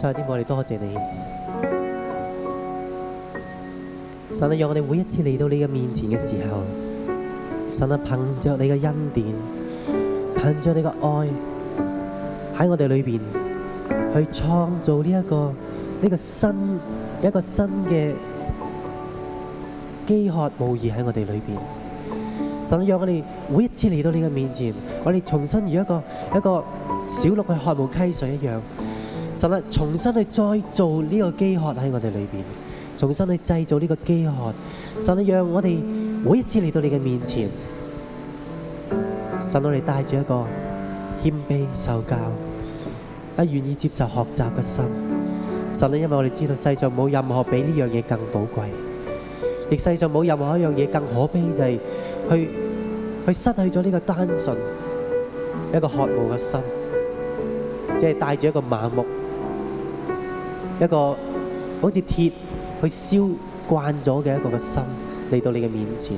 上帝我哋多謝，謝你。神啊，讓我哋每一次嚟到你嘅面前嘅時候，神啊，憑着你嘅恩典，憑着你嘅愛，喺我哋裏邊去創造呢、呢、一個呢、呢個新一個新嘅飢渴慕義喺我哋裏邊。神讓我哋每一次嚟到你嘅面前，我哋重新如一個一個小鹿去渴慕溪水一樣。神啊，重新去再做呢個飢渴喺我哋裏邊，重新去製造呢個飢渴。神啊，讓我哋每一次嚟到你嘅面前，神啊，我哋帶住一個謙卑受教啊，願意接受學習嘅心。神啊，因為我哋知道世上冇任何比呢樣嘢更寶貴，亦世上冇任何一樣嘢更可悲就係去去失去咗呢個單純一個渴慕嘅心，即係帶住一個麻木。一個好似鐵去燒慣咗嘅一個嘅心嚟到你嘅面前，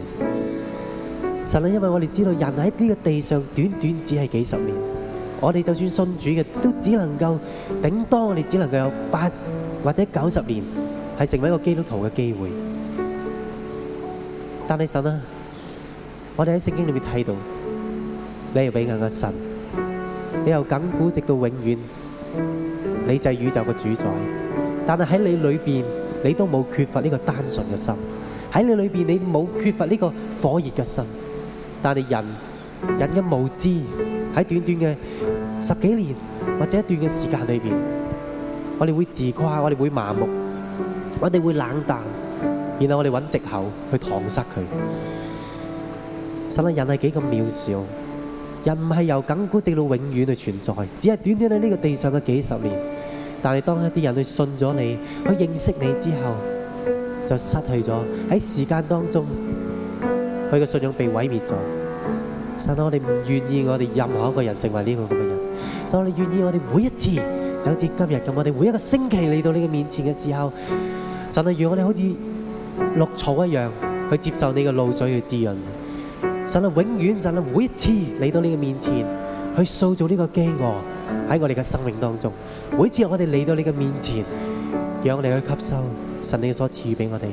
神啊！因為我哋知道人喺呢個地上短短只係幾十年，我哋就算信主嘅，都只能夠頂多我哋只能夠有八或者九十年係成為一個基督徒嘅機會。但係神啊，我哋喺聖經裏面睇到，你係永恒嘅神，你由亙古直到永遠。你就係宇宙嘅主宰，但係喺你裏邊，你都冇缺乏呢個單純嘅心；喺你裏邊，你冇缺乏呢個火熱嘅心。但係人，人嘅無知喺短短嘅十幾年或者一段嘅時間裏邊，我哋會自誇，我哋會麻木，我哋會冷淡，然後我哋揾借口去搪塞佢。實在人係幾咁渺小，人唔係由亙古直到永遠去存在，只係短短喺呢個地上嘅幾十年。但係當一啲人去信咗你，去認識你之後，就失去咗喺時間當中，佢嘅信仰被毀滅咗。神啊，我哋唔願意我哋任何一個人成為呢個咁嘅人，所以我哋願意我哋每一次，就好似今日咁，我哋每一個星期嚟到你嘅面前嘅時候，神啊，讓我哋好似綠草一樣去接受你嘅露水嘅滋潤。神啊，永遠神啊，每一次嚟到你嘅面前，去塑造呢個飢餓喺我哋嘅生命當中。每次我哋嚟到你嘅面前，讓我哋去吸收神你所賜予俾我哋。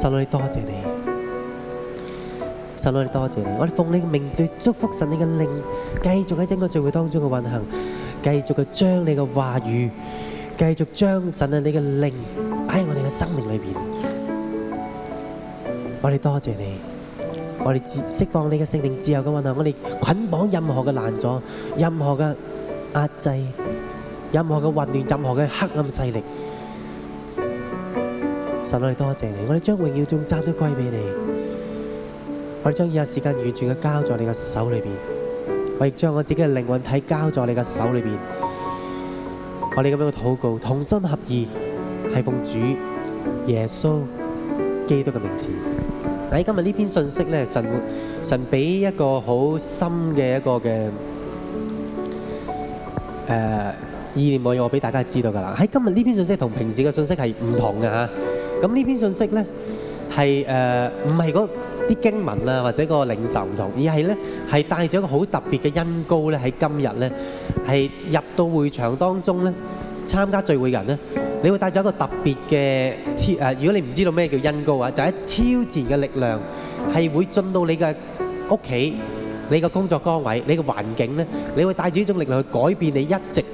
神，我哋多謝你，神，我哋多謝你。我哋奉你嘅名字，最祝福神你嘅靈，繼續喺整個聚會當中嘅運行，繼續去將你嘅話語，繼續將神啊你嘅靈擺喺我哋嘅生命裏邊。我哋多謝你，我哋自釋放你嘅聖靈自由嘅運行，我哋捆綁任何嘅攔阻，任何嘅。壓制任何嘅混亂，任何嘅黑暗勢力。神，我哋多謝你，我哋將榮耀頌讚都歸俾你。我哋將以後時間完全嘅交在你嘅手裏邊，我亦將我自己嘅靈魂體交在你嘅手裏邊。我哋咁樣嘅禱告，同心合意，係奉主耶穌基督嘅名字。喺今日呢篇信息咧，神神俾一個好深嘅一個嘅。誒意念內容我俾大家知道㗎啦，喺今日呢篇信息同平時嘅信息係唔同嘅嚇。咁呢篇信息咧係誒唔係嗰啲經文啊，或者個領受唔同，而係咧係帶咗一個好特別嘅恩膏咧，喺今日咧係入到會場當中咧參加聚會嘅人咧，你會帶咗一個特別嘅超誒。如果你唔知道咩叫恩膏啊，就係超自然嘅力量係會進到你嘅屋企。你個工作崗位，你個環境咧，你會帶住一種力量去改變你一直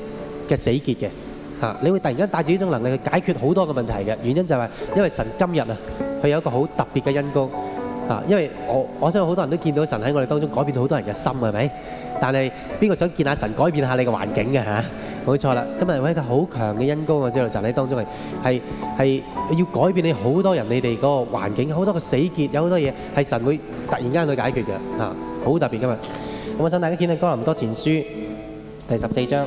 嘅死結嘅嚇。你會突然間帶住一種能力去解決好多個問題嘅原因就係因為神今日啊，佢有一個好特別嘅恩膏啊。因為我我相信好多人都見到神喺我哋當中改變咗好多人嘅心係咪？但係邊個想見下神改變下你嘅環境嘅嚇？冇錯啦，今日有個好強嘅恩膏啊！知道神喺當中係係係要改變你好多人你哋嗰個環境，好多個死結，有好多嘢係神會突然間去解決嘅嚇。好特別㗎嘛！咁我想大家見到《哥林多前書》第十四章。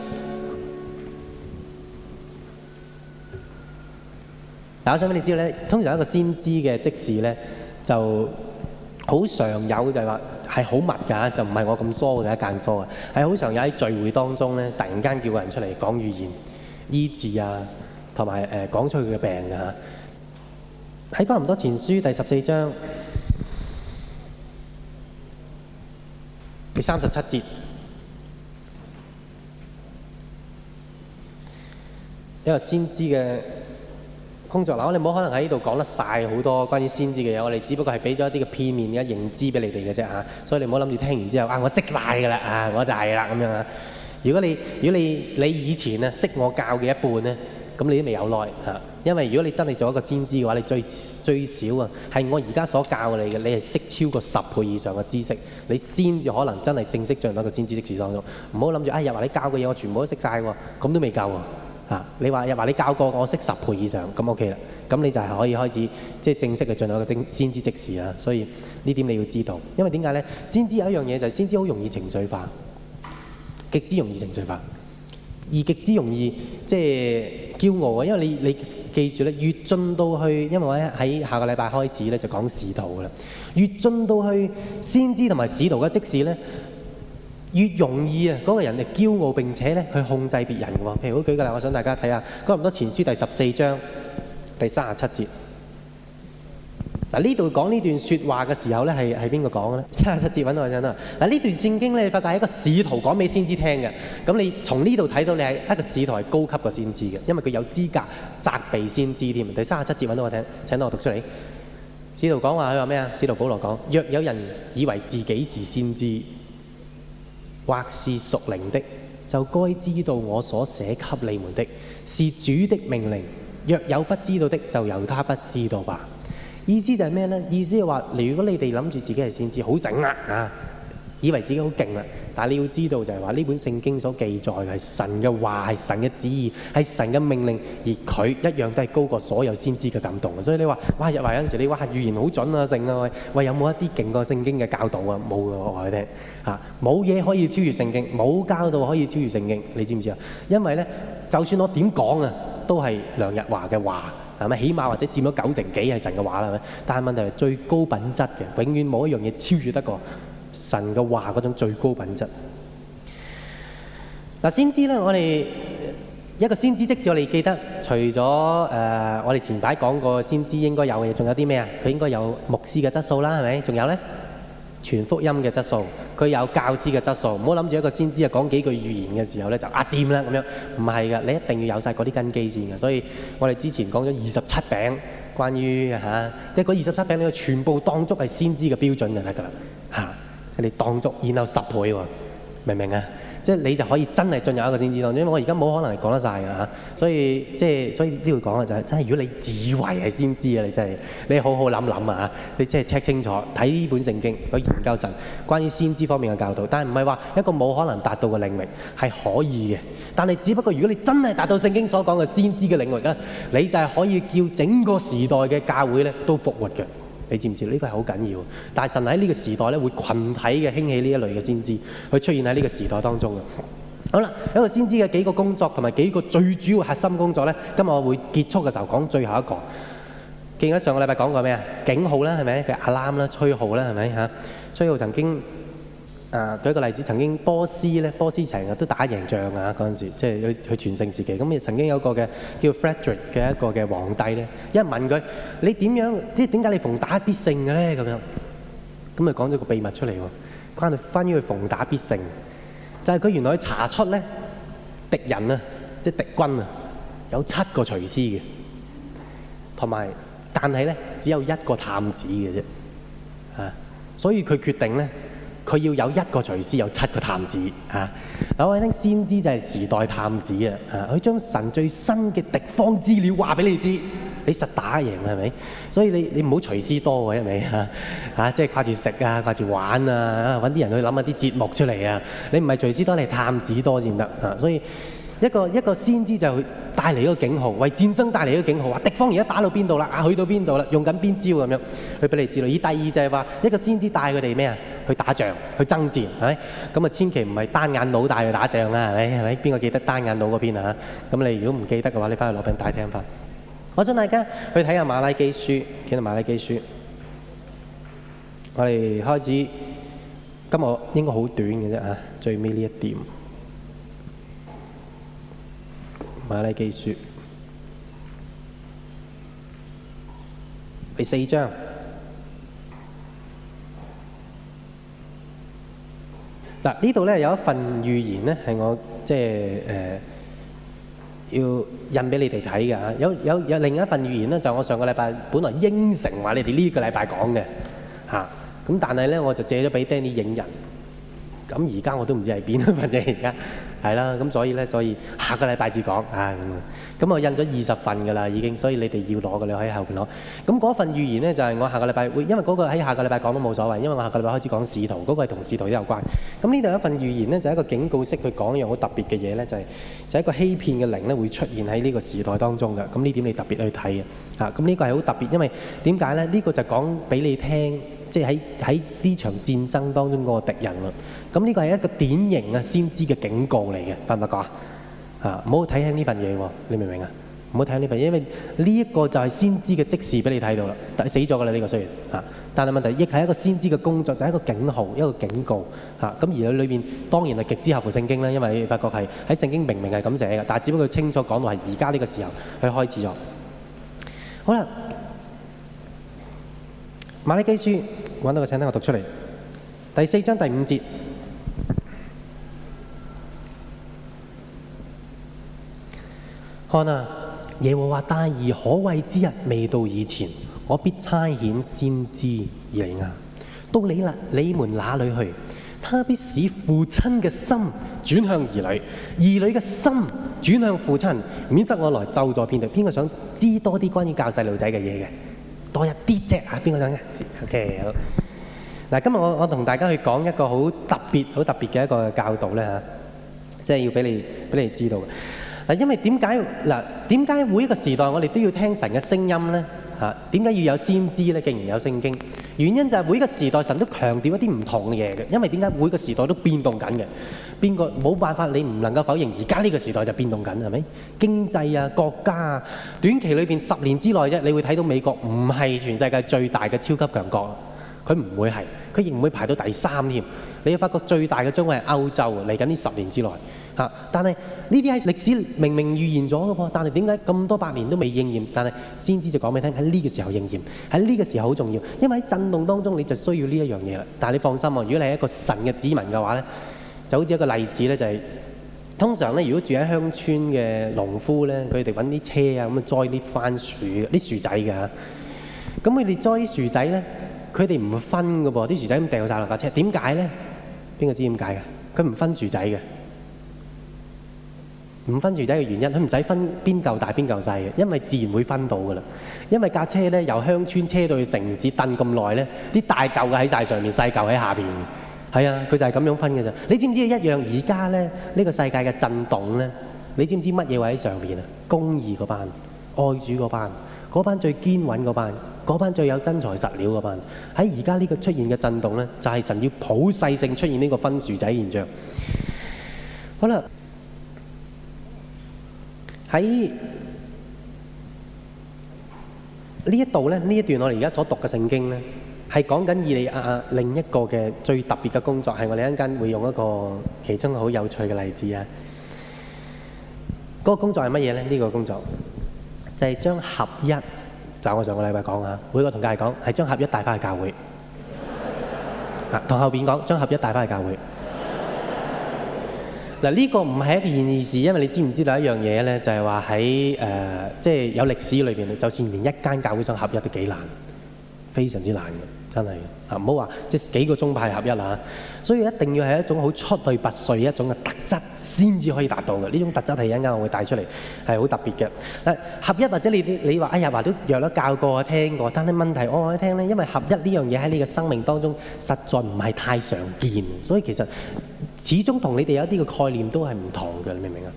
我想俾你知道咧？通常一個先知嘅職事咧，就好常有就係話係好密㗎，就唔、係、係我咁疏嘅。一間疏啊！係好常有喺聚會當中咧，突然間叫個人出嚟講預言、醫治啊，同埋誒講出佢嘅病㗎、啊、嚇。喺《哥林多前書》第十四章。三十七節，因為先知嘅工作嗱，我哋唔好可能喺呢度講得晒好多關於先知嘅嘢，我哋只不過係俾咗一啲嘅片面嘅認知俾你哋嘅啫嚇，所以你唔好諗住聽完之後啊，我識晒㗎啦啊，我就係啦咁樣啊！如果你如果你你以前啊識我教嘅一半咧，咁你都未有耐啊。因為如果你真係做一個先知嘅話，你最最少啊，係我而家所教你嘅，你係識超過十倍以上嘅知識，你先至可能真係正式進入一個先知職事當中。唔好諗住，哎，日華你教嘅嘢我全部都識晒喎，咁都未夠喎。啊，你話日華你教過的我識十倍以上，咁 OK 啦，咁你就係可以開始即係、就是、正式嘅進入一個先知職事啊。所以呢點你要知道，因為點解呢？先知有一樣嘢就係先知好容易情緒化，極之容易情緒化，而極之容易即係驕傲啊，因為你你。記住咧，越進到去，因為我喺下個禮拜開始咧就講使徒噶啦，越進到去先知同埋使徒嘅職事咧，越容易啊嗰個人係驕傲並且咧去控制別人喎。譬如我舉個例子，我想大家睇下，哥林多前書第十四章第三十七節。嗱，呢度講呢段説話嘅時候咧，係係邊個講嘅咧？三十七節揾到我聽啦。嗱，呢段聖經咧，你發覺係一個使徒講俾先知聽嘅。咁你從呢度睇到你是，你係一個使徒係高級嘅先知嘅，因為佢有資格責備先知添。第三十七節揾到我聽，請到我讀出嚟。使徒講話佢話咩啊？使徒保羅講：若有人以為自己是先知，或是屬靈的，就該知道我所寫給你們的是主的命令；若有不知道的，就由他不知道吧。意思就係咩呢？意思係話，如果你哋諗住自己係先知，好醒啊，以為自己好勁啦，但係你要知道就係話，呢本聖經所記載嘅係神嘅話，係神嘅旨意，係神嘅命令，而佢一樣都係高過所有先知嘅感動。所以你話，哇！日華有陣時你話預言好準啊，醒啊，喂，有冇一啲勁過聖經嘅教導啊？冇嘅，我話你聽嚇，冇，啊，嘢可以超越聖經，冇教導可以超越聖經。你知唔知啊？因為呢，就算我點講啊，都係梁日華嘅話。係咪起碼或者佔咗九成幾係神嘅話啦，係咪？但係問題係最高品質嘅，永遠冇一樣嘢超越得過神嘅話嗰種最高品質。嗱，先知咧，我哋一個先知的士、呃，我哋記得除咗我哋前排講過先知應該有嘅嘢，仲有啲咩啊？佢應該有牧師嘅質素啦，係咪？仲有咧？全福音嘅質素，佢有教師嘅質素，唔好諗住一個先知啊，講幾句預言嘅時候咧就啊掂啦咁樣，唔係噶，你一定要有晒嗰啲根基先噶，所以我哋之前講咗二十七餅，關於嚇，即係嗰二十七餅，你全部當足係先知嘅標準就得噶啦嚇，你當足，然後十倍喎，明唔明啊？即係你就可以真係進入一個先知當中，因為我而家冇可能係講得晒㗎吓，所以即係所以呢度講嘅就係真係如果你自以為係先知啊，你真係你好好諗諗啊，你即係 check 清楚睇呢本聖經去研究神關於先知方面嘅教導，但係唔係話一個冇可能達到嘅領域係可以嘅，但係只不過如果你真係達到聖經所講嘅先知嘅領域咧，你就係可以叫整個時代嘅教會咧都復活嘅。你知唔知呢個係好緊要？但係神喺呢個時代咧，會群體嘅興起呢一類嘅先知，佢出現喺呢個時代當中嘅。好啦，一個先知嘅幾個工作同埋幾個最主要核心工作咧，今日我會結束嘅時候講最後一個。記得上個禮拜講過咩啊？警號啦，係咪？佢 alarm 啦，吹號啦，係咪嚇？吹號曾經。誒、啊，舉一個例子，曾經波斯咧，波斯成日都打贏仗啊！嗰陣時，即係佢佢全盛時期。咁、嗯、亦曾經有個嘅叫 Frederick 嘅一個嘅皇帝咧，一問佢：你點樣？即係點解你逢打必勝嘅咧？咁樣，咁咪講咗個秘密出嚟喎，關係關於佢逢打必勝。就係、是、佢原來查出咧，敵人啊，即係敵軍啊，有七個廚師嘅，同埋但係咧，只有一個探子嘅啫。啊，所以佢決定咧。佢要有一個廚師，有七個探子嚇。各位聽，先知就係時代探子啊！啊，佢將神最新嘅敵方資料話俾你知，你實打贏係咪？所以你你唔好廚師多嘅，因為嚇嚇即係掛住食啊，掛住玩啊，啊，搵啲人去諗下啲節目出嚟啊！你唔係廚師多，你係探子多先得啊！所以。一個一個先知就去帶嚟一個警號，為戰爭帶嚟一個警號，話敵方而家打到邊度啦？啊，去到邊度啦？用緊邊招咁樣？佢俾你知啦。以第二就係話，一個先知帶佢哋咩啊？去打仗，去爭戰，係咪？咁啊，千祈唔係單眼佬帶去打仗啦，係咪？係咪？邊個記得單眼佬嗰邊啊？咁你如果唔記得嘅話，你翻去攞俾大聽翻。我想大家去睇下馬拉基書，其實馬拉基書。我哋開始，今日應該好短嘅啫啊，最尾呢一點。馬來基書，第四章，嗱，呢度咧有一份預言咧，係我即係誒、呃、要印俾你哋睇嘅嚇。有有有另一份預言咧，就我上個禮拜本來應承話你哋呢個禮拜講嘅嚇，咁但係咧我就借咗俾 Danny 影人，咁而家我都唔知係邊啊，反正而家。係啦，咁所以呢，所以下個禮拜至講啊，咁我印咗二十份㗎啦，已經，所以你哋要攞嘅，你喺後邊攞。咁嗰份預言呢，就係、是、我下個禮拜會，因為嗰個喺下個禮拜講都冇所謂，因為我下個禮拜開始講使徒，嗰、那個係同使徒都有關。咁呢度有一份預言呢，就係、是、一個警告式，佢講一樣好特別嘅嘢呢，就係、是、就一個欺騙嘅靈呢，會出現喺呢個時代當中嘅。咁呢點你特別去睇嘅，啊，咁呢個係好特別，因為點解呢？呢、這個就講俾你聽，即係喺喺呢場戰爭當中嗰個敵人啦。咁呢個係一個典型啊先知嘅警告嚟嘅，發唔發覺啊？嚇、啊，唔好睇輕呢份嘢喎、啊，你明唔明啊？唔好睇輕呢份，因為呢一個就係先知嘅即時俾你睇到啦，但係死咗㗎啦呢個雖然嚇、啊，但係問題亦係一個先知嘅工作，就係、是、一,一個警號，一個警告嚇。咁、啊、而喺裏面，當然係極之合乎聖經啦，因為你發覺係喺聖經明明係咁寫嘅，但係只不過佢清楚講到係而家呢個時候佢開始咗。好啦，《瑪利基書》揾到個請聽，我讀出嚟，第四章第五節。看啊！耶和華大而可畏之日未到以前，我必差遣先知以利亞到你啦。你們哪裏去？他必使父親嘅心轉向兒女，兒女嘅心轉向父親，免得我來咒詛遍地。邊個想知多啲關於教細路仔嘅嘢嘅？多一啲啫啊！邊個想？OK，好嗱，今日我我同大家去講一個好特別、好特別嘅一個教導咧吓，即係要俾你俾你知道。嗱，因為點解嗱？點解每一個時代我哋都要聽神嘅聲音咧？嚇，點解要有先知咧？竟然有聖經，原因就係每一個時代神都強調一啲唔同嘅嘢嘅。因為點解每一個時代都變動緊嘅？邊個冇辦法？你唔能夠否認，而家呢個時代就變動緊，係咪？經濟啊，國家啊，短期裏邊十年之內啫，你會睇到美國唔係全世界最大嘅超級強國，佢唔會係，佢亦唔會排到第三添。你會發覺最大嘅將會係歐洲嚟緊呢十年之內。嚇、啊！但係呢啲係歷史明明預言咗嘅噃，但係點解咁多百年都未應驗？但係先知就講俾你聽，喺呢個時候應驗，喺呢個時候好重要，因為喺震動當中你就需要呢一樣嘢啦。但係你放心喎、啊，如果你係一個神嘅子民嘅話咧，就好似一個例子咧、就是，就係通常咧，如果住喺鄉村嘅農夫咧，佢哋揾啲車啊咁樣栽啲番薯、啲薯仔㗎。咁佢哋栽啲薯仔咧，佢哋唔會分嘅噃，啲薯仔咁掟晒落架車。點解咧？邊個知點解㗎？佢唔分薯仔嘅。五分薯仔嘅原因，佢唔使分邊嚿大邊嚿細嘅，因為自然會分到噶啦。因為架車咧由鄉村車到去城市，等咁耐咧，啲大嚿嘅喺晒上面，細嚿喺下邊。係啊，佢就係咁樣分嘅啫。你知唔知一樣？而家咧呢個世界嘅震動咧，你知唔知乜嘢位喺上邊啊？公義嗰班、愛主嗰班、嗰班最堅穩嗰班、嗰班最有真材實料嗰班，喺而家呢個出現嘅震動咧，就係神要普世性出現呢個分薯仔現象。好啦。喺呢一度咧，呢一段我哋而家所讀嘅聖經咧，係講緊以利亞另一個嘅最特別嘅工作，係我哋一陣間會用一個其中好有趣嘅例子啊。嗰、那個工作係乜嘢咧？呢、這個工作就係、是、將合一，就我上個禮拜講啊，每個同家講係將合一帶翻去教會啊，同 後邊講將合一帶翻去教會。嗱，呢個唔係一件易事，因為你知唔知道一樣嘢咧，就係話喺誒，即係有歷史裏邊，就算連一間教會想合一都幾難，非常之難嘅，真係啊！唔好話即係幾個宗派合一啦，所以一定要係一種好出類拔萃一種嘅特質，先至可以達到嘅。呢種特質係一陣間我會帶出嚟，係好特別嘅。嗱，合一或者你你你話哎呀話都約咗教過我聽過，但係問題我講啲聽咧，因為合一呢樣嘢喺你嘅生命當中實在唔係太常見，所以其實。始終同你哋有一啲嘅概念都係唔同嘅，你明唔明啊？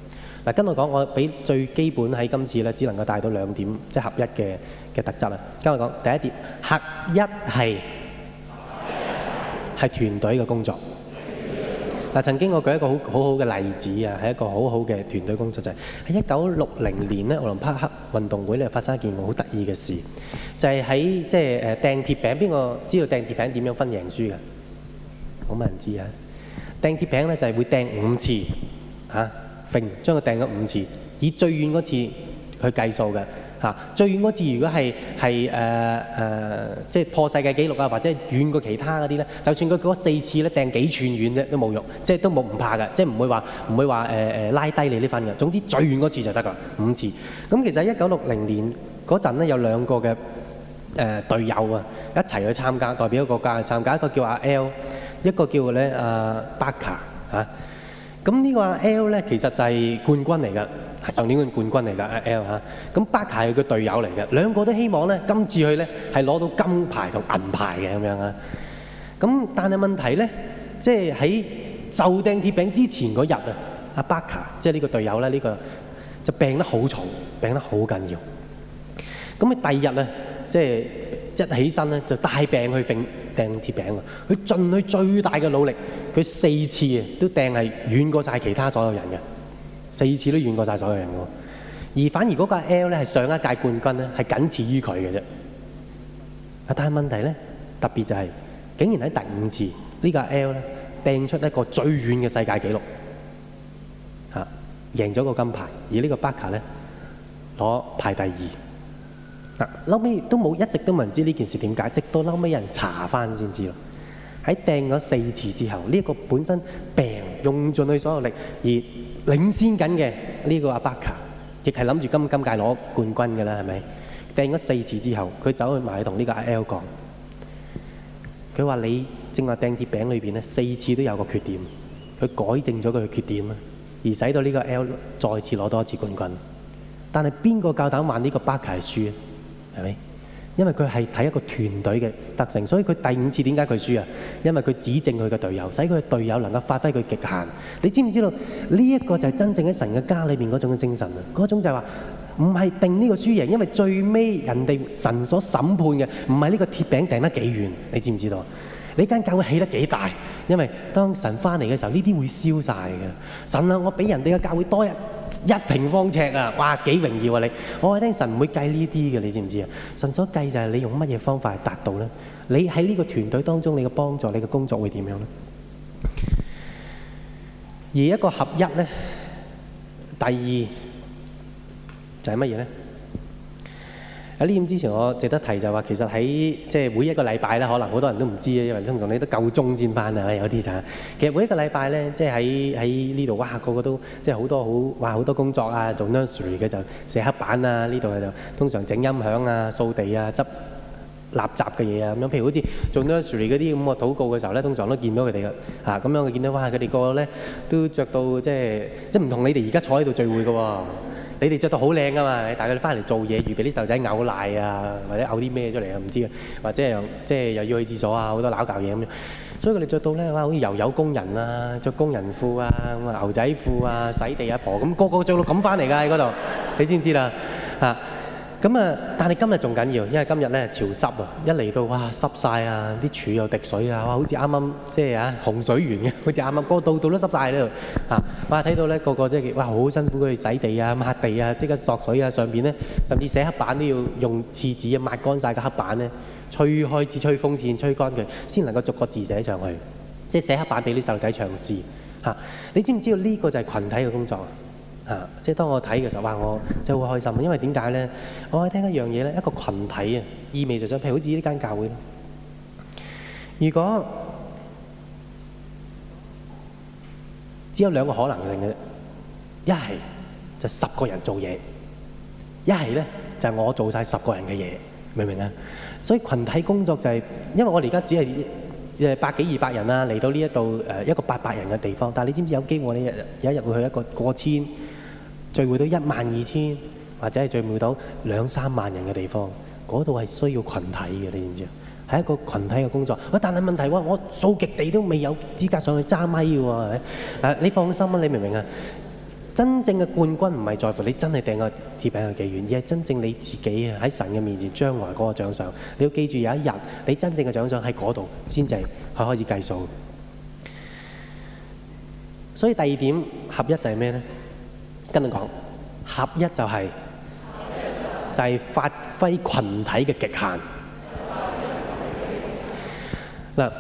嗱，跟我講，我俾最基本喺今次咧，只能夠帶到兩點，即係合一嘅嘅特質啊。跟我講，第一點，合一係係團隊嘅工作。嗱、嗯，曾經我舉一個好好好好好嘅例子啊，係一個好好好嘅團隊工作，就係喺一九六零年咧，奧林匹克運動會咧發生一件好得意嘅事，就係喺即係誒掟鐵餅，邊個知道掟鐵餅點樣分贏輸㗎？好，冇人知啊！掟鐵餅咧就係會掟五次吓，揈將佢掟咗五次，以最遠嗰次去計數嘅吓。最遠嗰次如果係係誒誒，即係、呃呃就是、破世界紀錄啊，或者遠過其他嗰啲咧，就算佢嗰四次咧掟幾寸遠啫，都冇用，即、就、係、是、都冇唔怕嘅，即係唔會話唔會話誒誒拉低你呢份嘅。總之最遠嗰次就得㗎，五次。咁其實一九六零年嗰陣咧有兩個嘅誒、呃、隊友啊一齊去參加，代表一個國家去參加，一個叫阿 L。一個叫咧阿 Baca，咁呢個阿 L 咧其實就係冠軍嚟㗎，上年冠軍嚟㗎阿 L 嚇、啊，咁 Baca 係佢隊友嚟㗎，兩個都希望咧今次去咧係攞到金牌同銀牌嘅咁樣啊。咁但係問題咧，即係喺就掟鐵餅之前嗰日啊，阿 Baca 即係呢個隊友啦，呢、呢個就病得好重，病得好緊要。咁啊第二日啊，即係。一起身咧就帶病去掟鐵餅，佢盡佢最大嘅努力，佢四次啊都掟係遠過晒其他所有人嘅，四次都遠過晒所有人嘅。而反而嗰個 L 咧係上一屆冠軍咧係僅次於佢嘅啫。但係問題咧特別就係、是，竟然喺第五次呢、呢個 L 咧掟出一個最遠嘅世界紀錄嚇，贏咗個金牌，而這個呢個 Baca 咧攞排第二。嗱，嬲尾都冇，一直都冇人知呢件事點解，直到嬲尾人查翻先知咯。喺掟咗四次之後，呢個本身病用盡佢所有力而領先緊嘅呢個阿巴卡，亦係諗住今今屆攞冠軍㗎啦，係咪掟咗四次之後，佢走去埋同呢個阿 L 講，佢話你正話掟鐵餅裏面呢四次都有個缺點，佢改正咗佢嘅缺點啊，而使到呢個 L 再次攞多一次冠軍。但係邊個夠膽玩呢個巴卡係輸？係咪？因為佢係睇一個團隊嘅特性，所以佢第五次點解佢輸啊？因為佢指正佢嘅隊友，使佢嘅隊友能夠發揮佢極限。你知唔知道呢一個就係真正喺神嘅家裏面嗰種嘅精神啊？嗰種就係話唔係定呢個輸贏，因為最尾人哋神所審判嘅唔係呢個鐵餅掟得幾遠，你知唔知道？你間教會起得幾大？因為當神翻嚟嘅時候，呢啲會燒晒嘅。神啊，我畀人哋嘅教會多一。一平方尺啊！哇，幾榮耀啊你！我係聽神唔會計呢啲嘅，你知唔知啊？神所計就係你用乜嘢方法去達到咧？你喺呢個團隊當中，你嘅幫助、你嘅工作會點樣咧？而一個合一咧，第二，就係乜嘢咧？喺呢點之前，我值得提就係話，其實喺即係每一個禮拜咧，可能好多人都唔知啊，因為通常你都夠鐘先返啊，有啲就。其實每一個禮拜咧，即係喺喺呢度，哇，個個都即係好多好哇，好多工作啊，做 nursery 嘅就寫黑板啊，呢度啊就通常整音響啊、掃地啊、執垃圾嘅嘢啊咁樣。譬如好似做 nursery 嗰啲咁，我禱告嘅時候咧，通常都見到佢哋嘅嚇。咁樣我見到哇，佢哋個個咧都著到即係即係唔同你哋而家坐喺度聚會㗎喎。你哋着到好靚噶嘛？你帶佢哋翻嚟做嘢，預備啲細路仔嘔奶啊，或者嘔啲咩出嚟啊？唔知啊，或者又即係又要去廁所啊，好多攪攪嘢咁樣。所以佢哋着到咧，哇！好似油油工人啊，着工人褲啊，牛仔褲啊，洗地阿、啊、婆咁，那個個着到咁翻嚟㗎喺嗰度，你知唔知啦？啊！咁啊！但係今日仲緊要，因為今日咧潮濕喎，一嚟到哇濕晒啊，啲柱又滴水啊，哇！好似啱啱即係啊洪水源，嘅，好似啱啱個度度都濕晒咧啊呢度吓！哇！睇到咧個個即係哇好辛苦去洗地啊、抹地啊、即刻索水啊，上邊咧甚至寫黑板都要用廁紙啊抹乾晒個黑板咧，吹開隻吹風扇吹乾佢，先能夠逐個字寫上去。即係寫黑板俾啲細路仔嘗試吓、啊。你知唔知道呢個就係群體嘅工作啊？啊！即係當我睇嘅時候話，我真係好開心。因為點解咧？我喺聽一樣嘢咧，一個羣體啊，意味著想，譬如好似呢間教會，如果只有兩個可能性嘅，一係就十個人做嘢，一係咧就係我做曬十個人嘅嘢，明唔明啊？所以羣體工作就係，因為我而家只係誒百幾二百人啦，嚟到呢一度誒一個八百人嘅地方，但係你知唔知有機會你日有一日會去一個過千？聚會到一萬二千，或者係聚會到兩三萬人嘅地方，嗰度係需要群體嘅，你知唔知啊？係一個群體嘅工作。喂、啊，但係問題係我數極地都未有資格上去揸咪喎，你放心啊，你明唔明啊？真正嘅冠軍唔係在乎你真係掟個鐵餅去幾遠，而係真正你自己啊喺神嘅面前將來嗰個獎賞。你要記住，有一日你真正嘅獎賞喺嗰度先至係開始計數。所以第二點合一就係咩呢？跟你講，合一就係就係發揮群體嘅極限。嗱，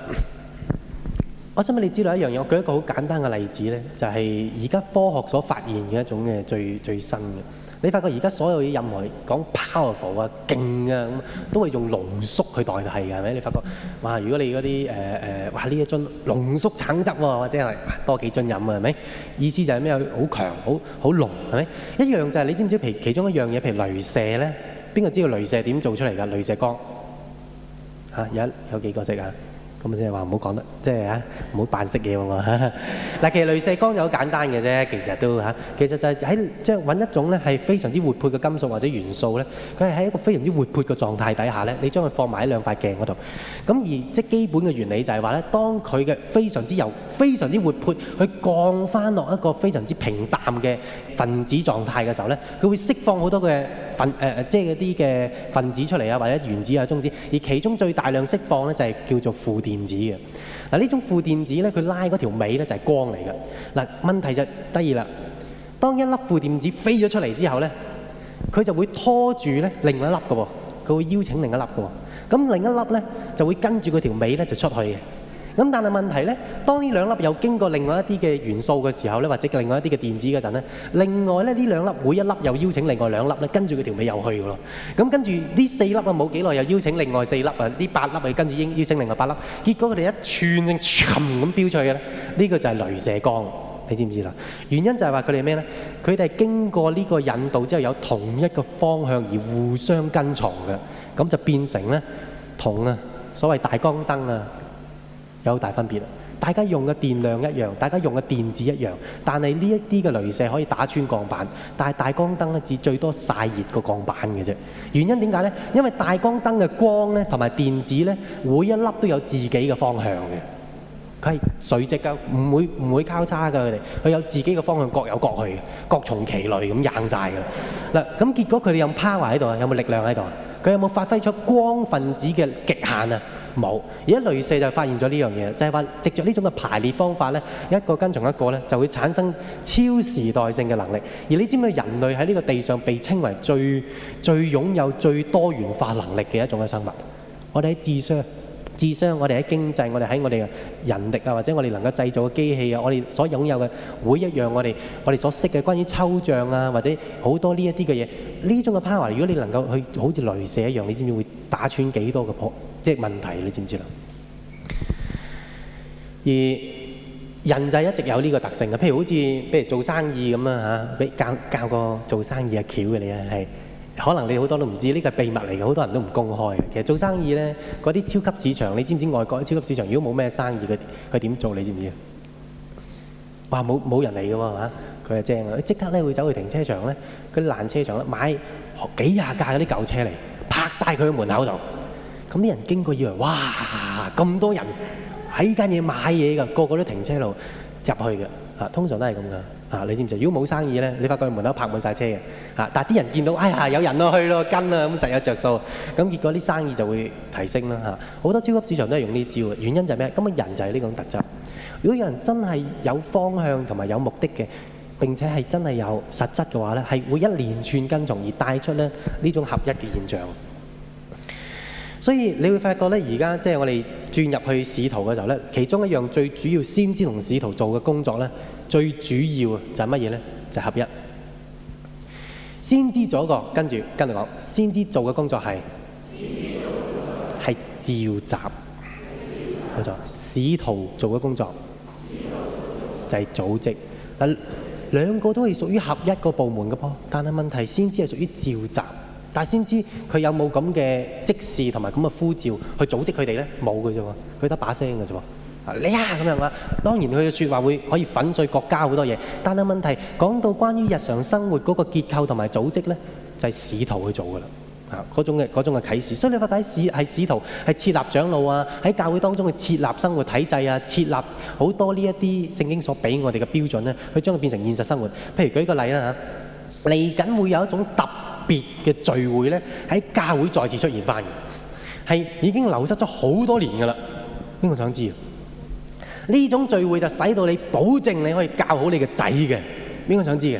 我想問你知道一樣嘢，我舉一個好簡單嘅例子咧，就係而家科學所發現嘅一種嘅最最新嘅。你發覺而家所有嘅任何講 powerful 啊、勁啊，都係用濃縮去代替嘅，係咪？你發覺哇，如果你嗰啲誒誒，哇呢一樽濃縮橙汁喎、啊，或者係多幾樽飲啊，係咪？意思就係咩？好強、好好濃，係咪？一樣就係、是、你知唔知？其其中一樣嘢，譬如雷射咧，邊個知道雷射點做出嚟㗎？雷射光嚇、啊，有有幾個色啊？咁啊，即係話唔好講得，即係啊，唔好扮識嘢喎！我嗱，其實鐳射光就好簡單嘅啫，其實都嚇，其實就喺將揾一種咧係非常之活潑嘅金屬或者元素咧，佢係喺一個非常之活潑嘅狀態底下咧，你將佢放埋喺兩塊鏡嗰度。咁而即係基本嘅原理就係話咧，當佢嘅非常之由非常之活潑，去降翻落一個非常之平淡嘅。分子狀態嘅時候呢，佢會釋放好多嘅分誒、呃、即係啲嘅分子出嚟啊，或者原子啊、中子。而其中最大量釋放呢，就係叫做負電子嘅。嗱、啊，呢種負電子呢，佢拉嗰條尾呢，就係光嚟嘅。嗱，問題就得意啦。當一粒負電子飛咗出嚟之後呢，佢就會拖住呢另一粒嘅喎，佢會邀請另一粒嘅喎。咁另一粒呢，就會跟住佢條尾呢，就出去嘅。咁但係問題咧，當呢兩粒又經過另外一啲嘅元素嘅時候咧，或者另外一啲嘅電子嗰陣咧，另外咧呢兩粒每一粒又邀請另外兩粒咧跟住佢條尾又去㗎咯。咁跟住呢四粒啊冇幾耐又邀請另外四粒啊，呢八粒又跟住邀邀請另外八粒，結果佢哋一串啊咻咁飆出去嘅咧，呢個就係雷射光，你知唔知啦？原因就係話佢哋咩咧？佢哋係經過呢個引導之後，有同一個方向而互相跟從嘅，咁就變成咧筒啊，所謂大光燈啊。有大分別啦！大家用嘅電量一樣，大家用嘅電子一樣，但係呢一啲嘅雷射可以打穿鋼板，但係大光燈咧只最多曬熱個鋼板嘅啫。原因點解呢？因為大光燈嘅光咧同埋電子咧，每一粒都有自己嘅方向嘅，佢係垂直嘅，唔會唔會交叉㗎佢哋，佢有自己嘅方向，各有各去，各從其類咁硬晒㗎啦。嗱，咁結果佢哋有，有 power 喺度啊？有冇力量喺度？佢有冇發揮出光分子嘅極限啊？冇，而家雷射就發現咗呢樣嘢，就係話藉着呢種嘅排列方法咧，一個跟從一個呢，就會產生超時代性嘅能力。而你知唔知人類喺呢個地上被稱為最最擁有最多元化能力嘅一種嘅生物？我哋喺智商、智商，我哋喺經濟，我哋喺我哋嘅人力啊，或者我哋能夠製造嘅機器啊，我哋所擁有嘅每一樣，我哋我哋所識嘅關於抽象啊，或者好多呢一啲嘅嘢，呢種嘅 power，如果你能夠去好似雷射一樣，你知唔知會打穿幾多個泡？即係問題，你知唔知啦？而人就係一直有呢個特性嘅，譬如好似譬如做生意咁樣嚇，俾教教個做生意嘅竅嘅你啊，係可能你好多都唔知，呢個係秘密嚟嘅，好多人都唔公開嘅。其實做生意咧，嗰啲超級市場，你知唔知外國啲超級市場如果冇咩生意嘅，佢佢點做？你知唔知啊？哇，冇冇人嚟嘅喎嚇，佢係精啊！佢即刻咧會走去停車場咧，嗰啲爛車場咧買幾廿架嗰啲舊車嚟，拍曬佢嘅門口度。咁啲人經過，以為哇咁多人喺間嘢買嘢㗎，個個都停車路入去嘅、啊，通常都係咁噶，你知唔知？如果冇生意呢，你發覺門口泊滿晒車嘅、啊，但係啲人見到哎呀有人咯去咯跟啦、啊，咁實有着數。咁結果啲生意就會提升啦，好、啊、多超級市場都係用呢招嘅，原因就係咩？咁人就係呢種特質。如果有人真係有方向同埋有目的嘅，並且係真係有實質嘅話呢，係會一連串跟從而帶出呢種合一嘅現象。所以你會發覺咧，而家即係我哋轉入去使徒嘅時候咧，其中一樣最主要先知同使徒做嘅工作咧，最主要就係乜嘢咧？就係合一。先知做個跟住跟住講，先知做嘅工作係係召集，冇錯。使徒做嘅工作就係組織，嗱，兩個都係屬於合一個部門嘅噃。但係問題，先知係屬於召集。但先知佢有冇咁嘅職事同埋咁嘅呼召去組織佢哋呢？冇嘅啫喎，佢得把聲嘅啫喎，啊呀咁樣啦。當然佢嘅説話會可以粉碎國家好多嘢，但係問題講到關於日常生活嗰個結構同埋組織呢，就係使徒去做㗎啦。啊，嗰種嘅嗰種嘅啟示，所以你睇下喺使喺使徒係設立長老啊，喺教會當中嘅設立生活體制啊，設立好多呢一啲聖經所俾我哋嘅標準呢，去將佢變成現實生活。譬如舉個例啦嚇，嚟、啊、緊會有一種突別嘅聚會呢，喺教會再次出現翻嘅，係已經流失咗好多年噶啦。邊個想知啊？呢種聚會就使到你保證你可以教好你個仔嘅，邊個想知嘅？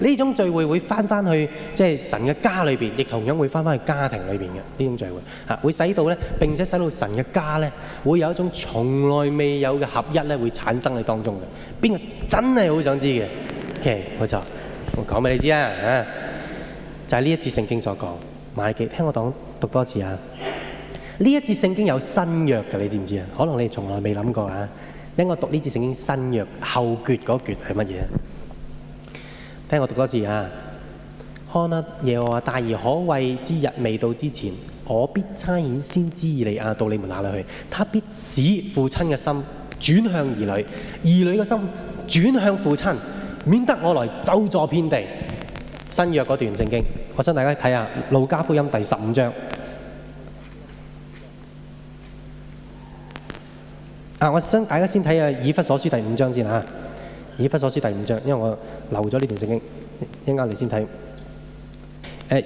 呢種聚會會翻翻去即係神嘅家裏邊，亦同樣會翻翻去家庭裏邊嘅。呢種聚會嚇，會使到呢，並且使到神嘅家呢，會有一種從來未有嘅合一呢，會產生喺當中嘅。邊個真係好想知嘅？OK，冇錯，我講俾你知啊啊！就係、是、呢一節聖經所講，瑪拉基記，聽我講讀多次啊！呢一節聖經有新約嘅，你知唔知啊？可能你哋從來未諗過啊！因我讀呢節聖經新約後橛嗰橛係乜嘢？聽我多讀多次 啊！看哪，耶和華大而可畏之日未到之前，我必差遣先知以利亞到你們那裏去。他必使父親嘅心轉向兒女，兒女嘅心轉向父親，免得我來咒詛遍地。新約嗰段聖經，我想大家睇下《路加福音》第十五章。啊，我想大家先睇下《以弗所書》第五章先啦，啊，《以弗所書》第五章，因為我留咗呢段聖經，一陣你先睇。誒、欸，《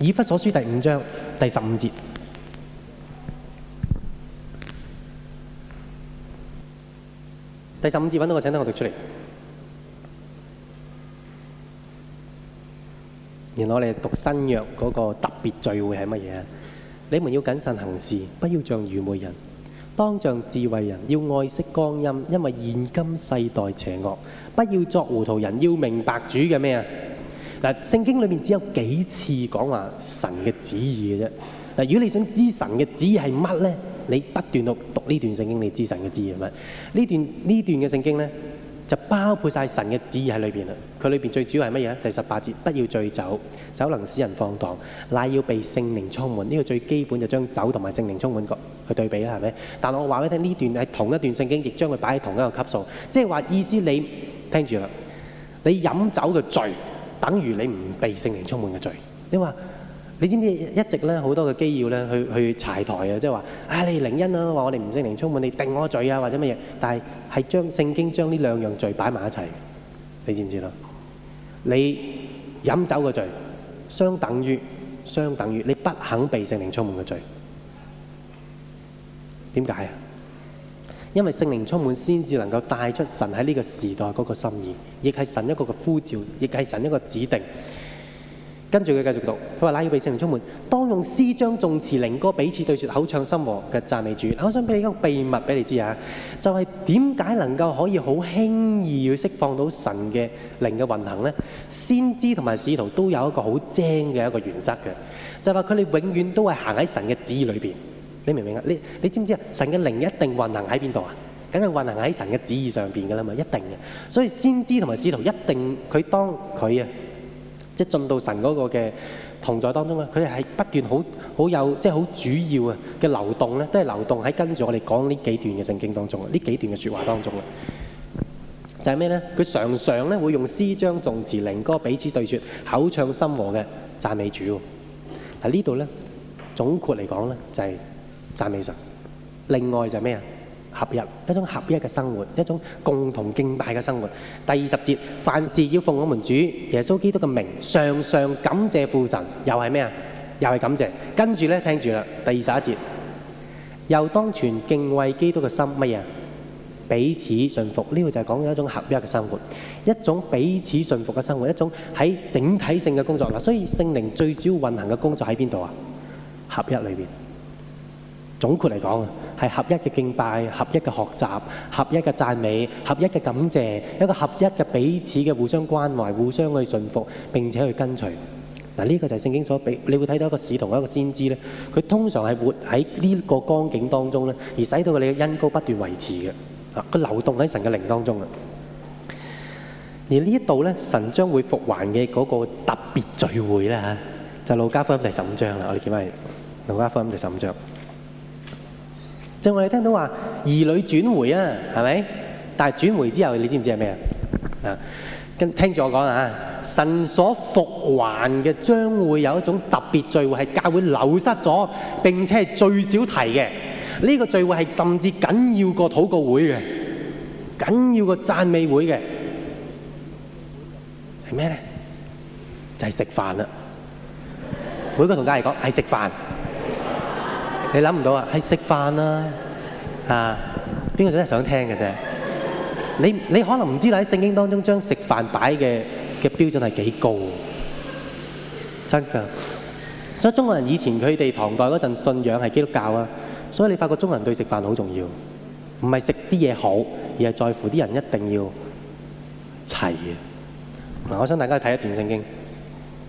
以弗所書》第五章第十五節，第十五節揾到個請等，我讀出嚟。原來我哋讀新約嗰個特別聚會係乜嘢？你們要謹慎行事，不要像愚昧人，當像智慧人，要愛惜光陰，因為現今世代邪惡。不要作糊塗人，要明白主嘅咩啊？嗱，聖經裏面只有幾次講話神嘅旨意嘅啫。嗱，如果你想知神嘅旨意係乜呢？你不斷去讀呢段聖經，你知神嘅旨意係乜？呢段呢段嘅聖經呢？就包括晒神嘅旨意喺裏邊啦。佢裏邊最主要係乜嘢咧？第十八節，不要醉酒，酒能使人放蕩，乃要被聖靈充滿。呢個最基本就將酒同埋聖靈充滿去對比啦，係咪？但係我話俾你聽，呢段係同一段聖經，亦將佢擺喺同一個級數，即係話意思你聽住啦。你飲酒嘅罪，等於你唔被聖靈充滿嘅罪。你話？你知唔知，一直咧好多嘅機要咧，去去柴台，就是，說啊，即係話啊，你靈恩啊，話我哋唔識聖靈充滿，你定我罪啊或者乜嘢？但係係將聖經將呢兩樣罪擺埋一齊，你知唔知咯？你飲酒嘅罪，相等於相等於你不肯被聖靈充滿嘅罪。點解啊？因為聖靈充滿先至能夠帶出神喺呢個時代嗰個心意，亦係神一個嘅呼召，亦係神一個嘅指定。跟住佢繼續讀，佢話：乃要被聖靈充滿，當用詩章、頌詞、靈歌彼此對説，口唱心和嘅讚美主。我想俾你一個秘密俾你知啊，就係點解能夠可以好輕易去釋放到神嘅靈嘅運行呢？先知同埋使徒都有一個好精嘅一個原則嘅，就係話佢哋永遠都係行喺神嘅旨意裏邊。你明唔明啊？你你知唔知啊？神嘅靈一定運行喺邊度啊？梗係運行喺神嘅旨意上邊噶啦嘛，一定嘅。所以先知同埋使徒一定佢當佢啊。即係進到神嗰個嘅同在當中啊！佢哋係不斷好、好有即係好主要啊嘅流動咧，都係流動喺跟住我哋講呢幾段嘅聖經當中啊，呢幾段嘅説話當中啊，就係咩咧？佢常常咧會用詩章、頌詞、靈歌彼此對説，口唱心和嘅讚美主。喺呢度咧總括嚟講咧就係讚美神。另外就係咩啊？合一一種合一嘅生活，一種共同敬拜嘅生活。第二十節，凡事要奉我們主耶穌基督嘅名，常常感謝父神。又係咩啊？又係感謝。跟住咧，聽住啦。第二十一節，又當存敬畏基督嘅心。乜嘢？彼此順服。呢個就係講一種合一嘅生活，一種彼此順服嘅生活，一種喺整體性嘅工作。嗱，所以聖靈最主要運行嘅工作喺邊度啊？合一裏面。總括嚟講啊，係合一嘅敬拜、合一嘅學習、合一嘅讚美、合一嘅感謝，一個合一嘅彼此嘅互相關懷、互相去信服並且去跟隨嗱。呢、啊呢個就係聖經所俾你會睇到一個使徒一個先知咧，佢通常係活喺呢個光景當中咧，而使到你嘅恩膏不斷維持嘅啊。佢流動喺神嘅靈當中啊。而這裡呢一度咧，神將會復還嘅嗰個特別聚會咧嚇，就係《路加福音》第十五章啦。我哋見翻《路加福音》第十五章。就我哋聽到話兒女轉回啊，係咪？但係轉回之後，你知唔知係咩啊？跟聽住我講啊！神所復還嘅將會有一種特別聚會，係教會流失咗，並且係最少提嘅。呢個聚會係甚至緊要過禱告會嘅，緊要過讚美會嘅，係咩咧？就係食飯啦。每個同家係講係食飯。你諗唔到啊！係食飯啦，啊邊個真係想聽嘅啫？你你可能唔知，喺聖經當中將食飯擺嘅嘅標準係幾高，真㗎。所以中國人以前佢哋唐代嗰陣信仰係基督教啊，所以你發覺中國人對食飯好重要，唔係食啲嘢好，而係在乎啲人一定要齊嘅。嗱，我想大家去睇一段聖經。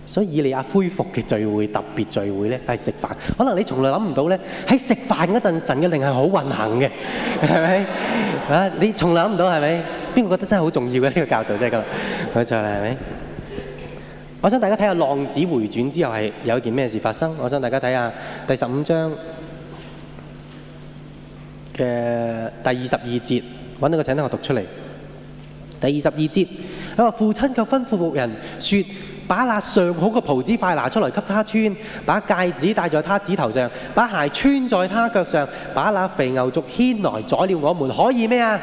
所以以利亞恢復嘅聚會，特別聚會呢，係食飯。可能你從來諗唔到，喺食飯嗰陣神一定係好運行嘅。 把那上好嘅袍子快拿出嚟給他穿，把戒指戴在他指頭上，把鞋穿在他腳上，把那肥牛犢牽來宰了，我們可以咩啊？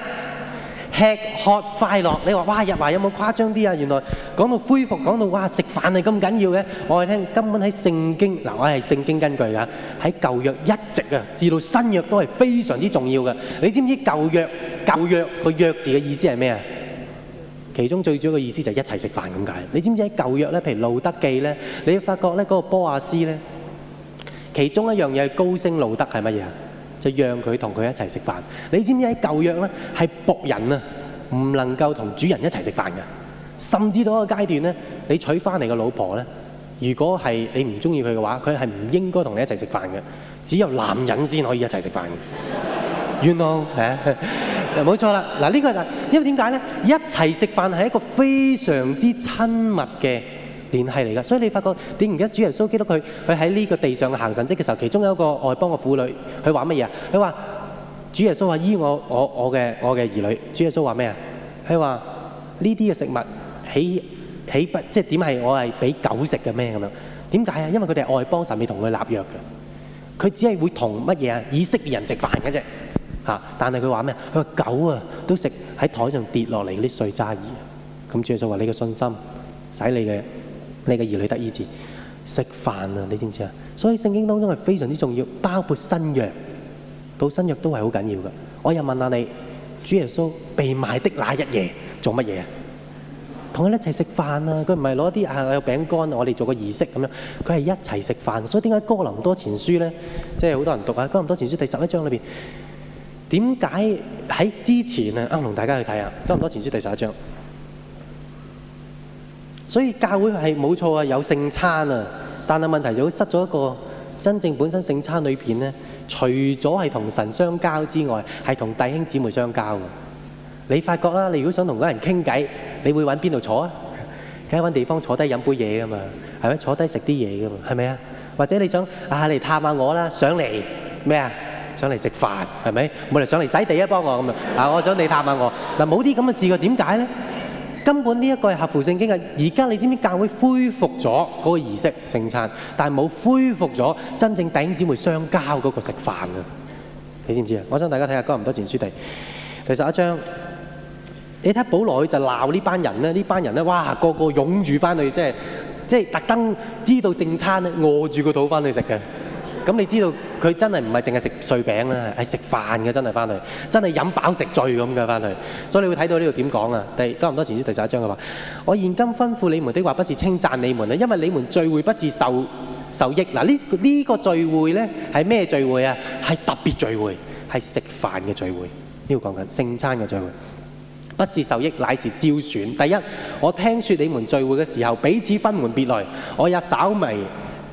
吃喝快樂。你話哇日話有冇誇張啲啊？原來講到恢復，講到哇食飯係咁緊要嘅，我哋聽根本喺聖經嗱，我係聖經根據噶，喺舊約一直啊，至到新約都係非常之重要嘅。你知唔知舊約舊約個約字嘅意思係咩啊？其中最主要嘅意思就係一齊食飯咁解。你知唔知喺舊約呢譬如路德記呢，你發覺呢個波阿斯呢，其中一樣嘢高升路德係乜嘢啊？就讓佢同佢一齊食飯。你知唔知喺舊約呢係僕人啊，唔能夠同主人一齊食飯嘅，甚至到一個階段呢，你娶翻嚟嘅老婆呢，如果係你唔中意佢嘅話，佢係唔應該同你一齊食飯嘅，只有男人先可以一齊食飯。You know? 冇錯啦，嗱呢個係因為點解咧？一齊食飯係一個非常之親密嘅聯繫嚟㗎，所以你發覺點而家主耶穌基督佢佢喺呢個地上行神跡嘅時候，其中有一個外邦嘅婦女，佢話乜嘢啊？佢話主耶穌話醫我我我嘅我嘅兒女，主耶穌話咩啊？佢話呢啲嘅食物起起不即係點係我係俾狗食嘅咩咁樣？點解啊？因為佢哋係外邦神未同佢立約嘅，佢只係會同乜嘢啊？以色列人食飯嘅啫。嚇！但係佢話咩？佢話狗啊，都食喺台上跌落嚟嗰啲碎渣兒。咁主耶穌話：你嘅信心使你嘅你嘅兒女得醫治。食飯啊，你知唔知啊？所以聖經當中係非常之重要，包括新約到新約都係好緊要嘅。我又問下你，主耶穌被賣的那一夜做乜嘢啊？同佢一齊食飯啊！佢唔係攞啲啊有餅乾，我哋做個儀式咁樣。佢係一齊食飯，所以點解哥林多前書咧，即係好多人讀啊？哥林多前書第十一章裏邊。點解喺之前啊？啱同大家去睇啊，多唔多前書第十一章？所以教會係冇錯啊，有聖餐啊，但係問題就失咗一個真正本身聖餐裏邊咧，除咗係同神相交之外，係同弟兄姊妹相交嘅。你發覺啦，你如果想同嗰人傾偈，你會搵邊度坐啊？梗係搵地方坐低飲杯嘢㗎嘛，係咪？坐低食啲嘢㗎嘛，係咪啊？或者你想啊嚟探下我啦，上嚟咩啊？上嚟食飯係咪？冇嚟上嚟洗地啊！幫我咁啊！啊！我想你探下我嗱，冇啲咁嘅事嘅，點解咧？根本呢一個係合乎聖經嘅。而家你知唔知教會恢復咗嗰個儀式聖餐，但係冇恢復咗真正頂姊妹相交嗰個食飯啊？你知唔知啊？我想大家睇下《哥林多前書》第十一章，你睇保羅就鬧呢班人咧，呢班人咧，哇，個個擁住翻去，即係即係特登知道聖餐咧，餓住個肚翻去食嘅。咁你知道佢真係唔係淨係食碎餅啦，係食飯嘅真係返去，真係飲飽食醉咁嘅返去。所以你會睇到呢度點講啊？哥林多前書第十一章嘅話：我現今吩咐你們的話，不是稱讚你們啊，因為你們聚會不是受受益。嗱呢呢個聚會咧係咩聚會啊？係特別聚會，係食飯嘅聚會。呢度講緊聖餐嘅聚會，不是受益，乃是照選。第一，我聽説你們聚會嘅時候彼此分門別類，我也稍微。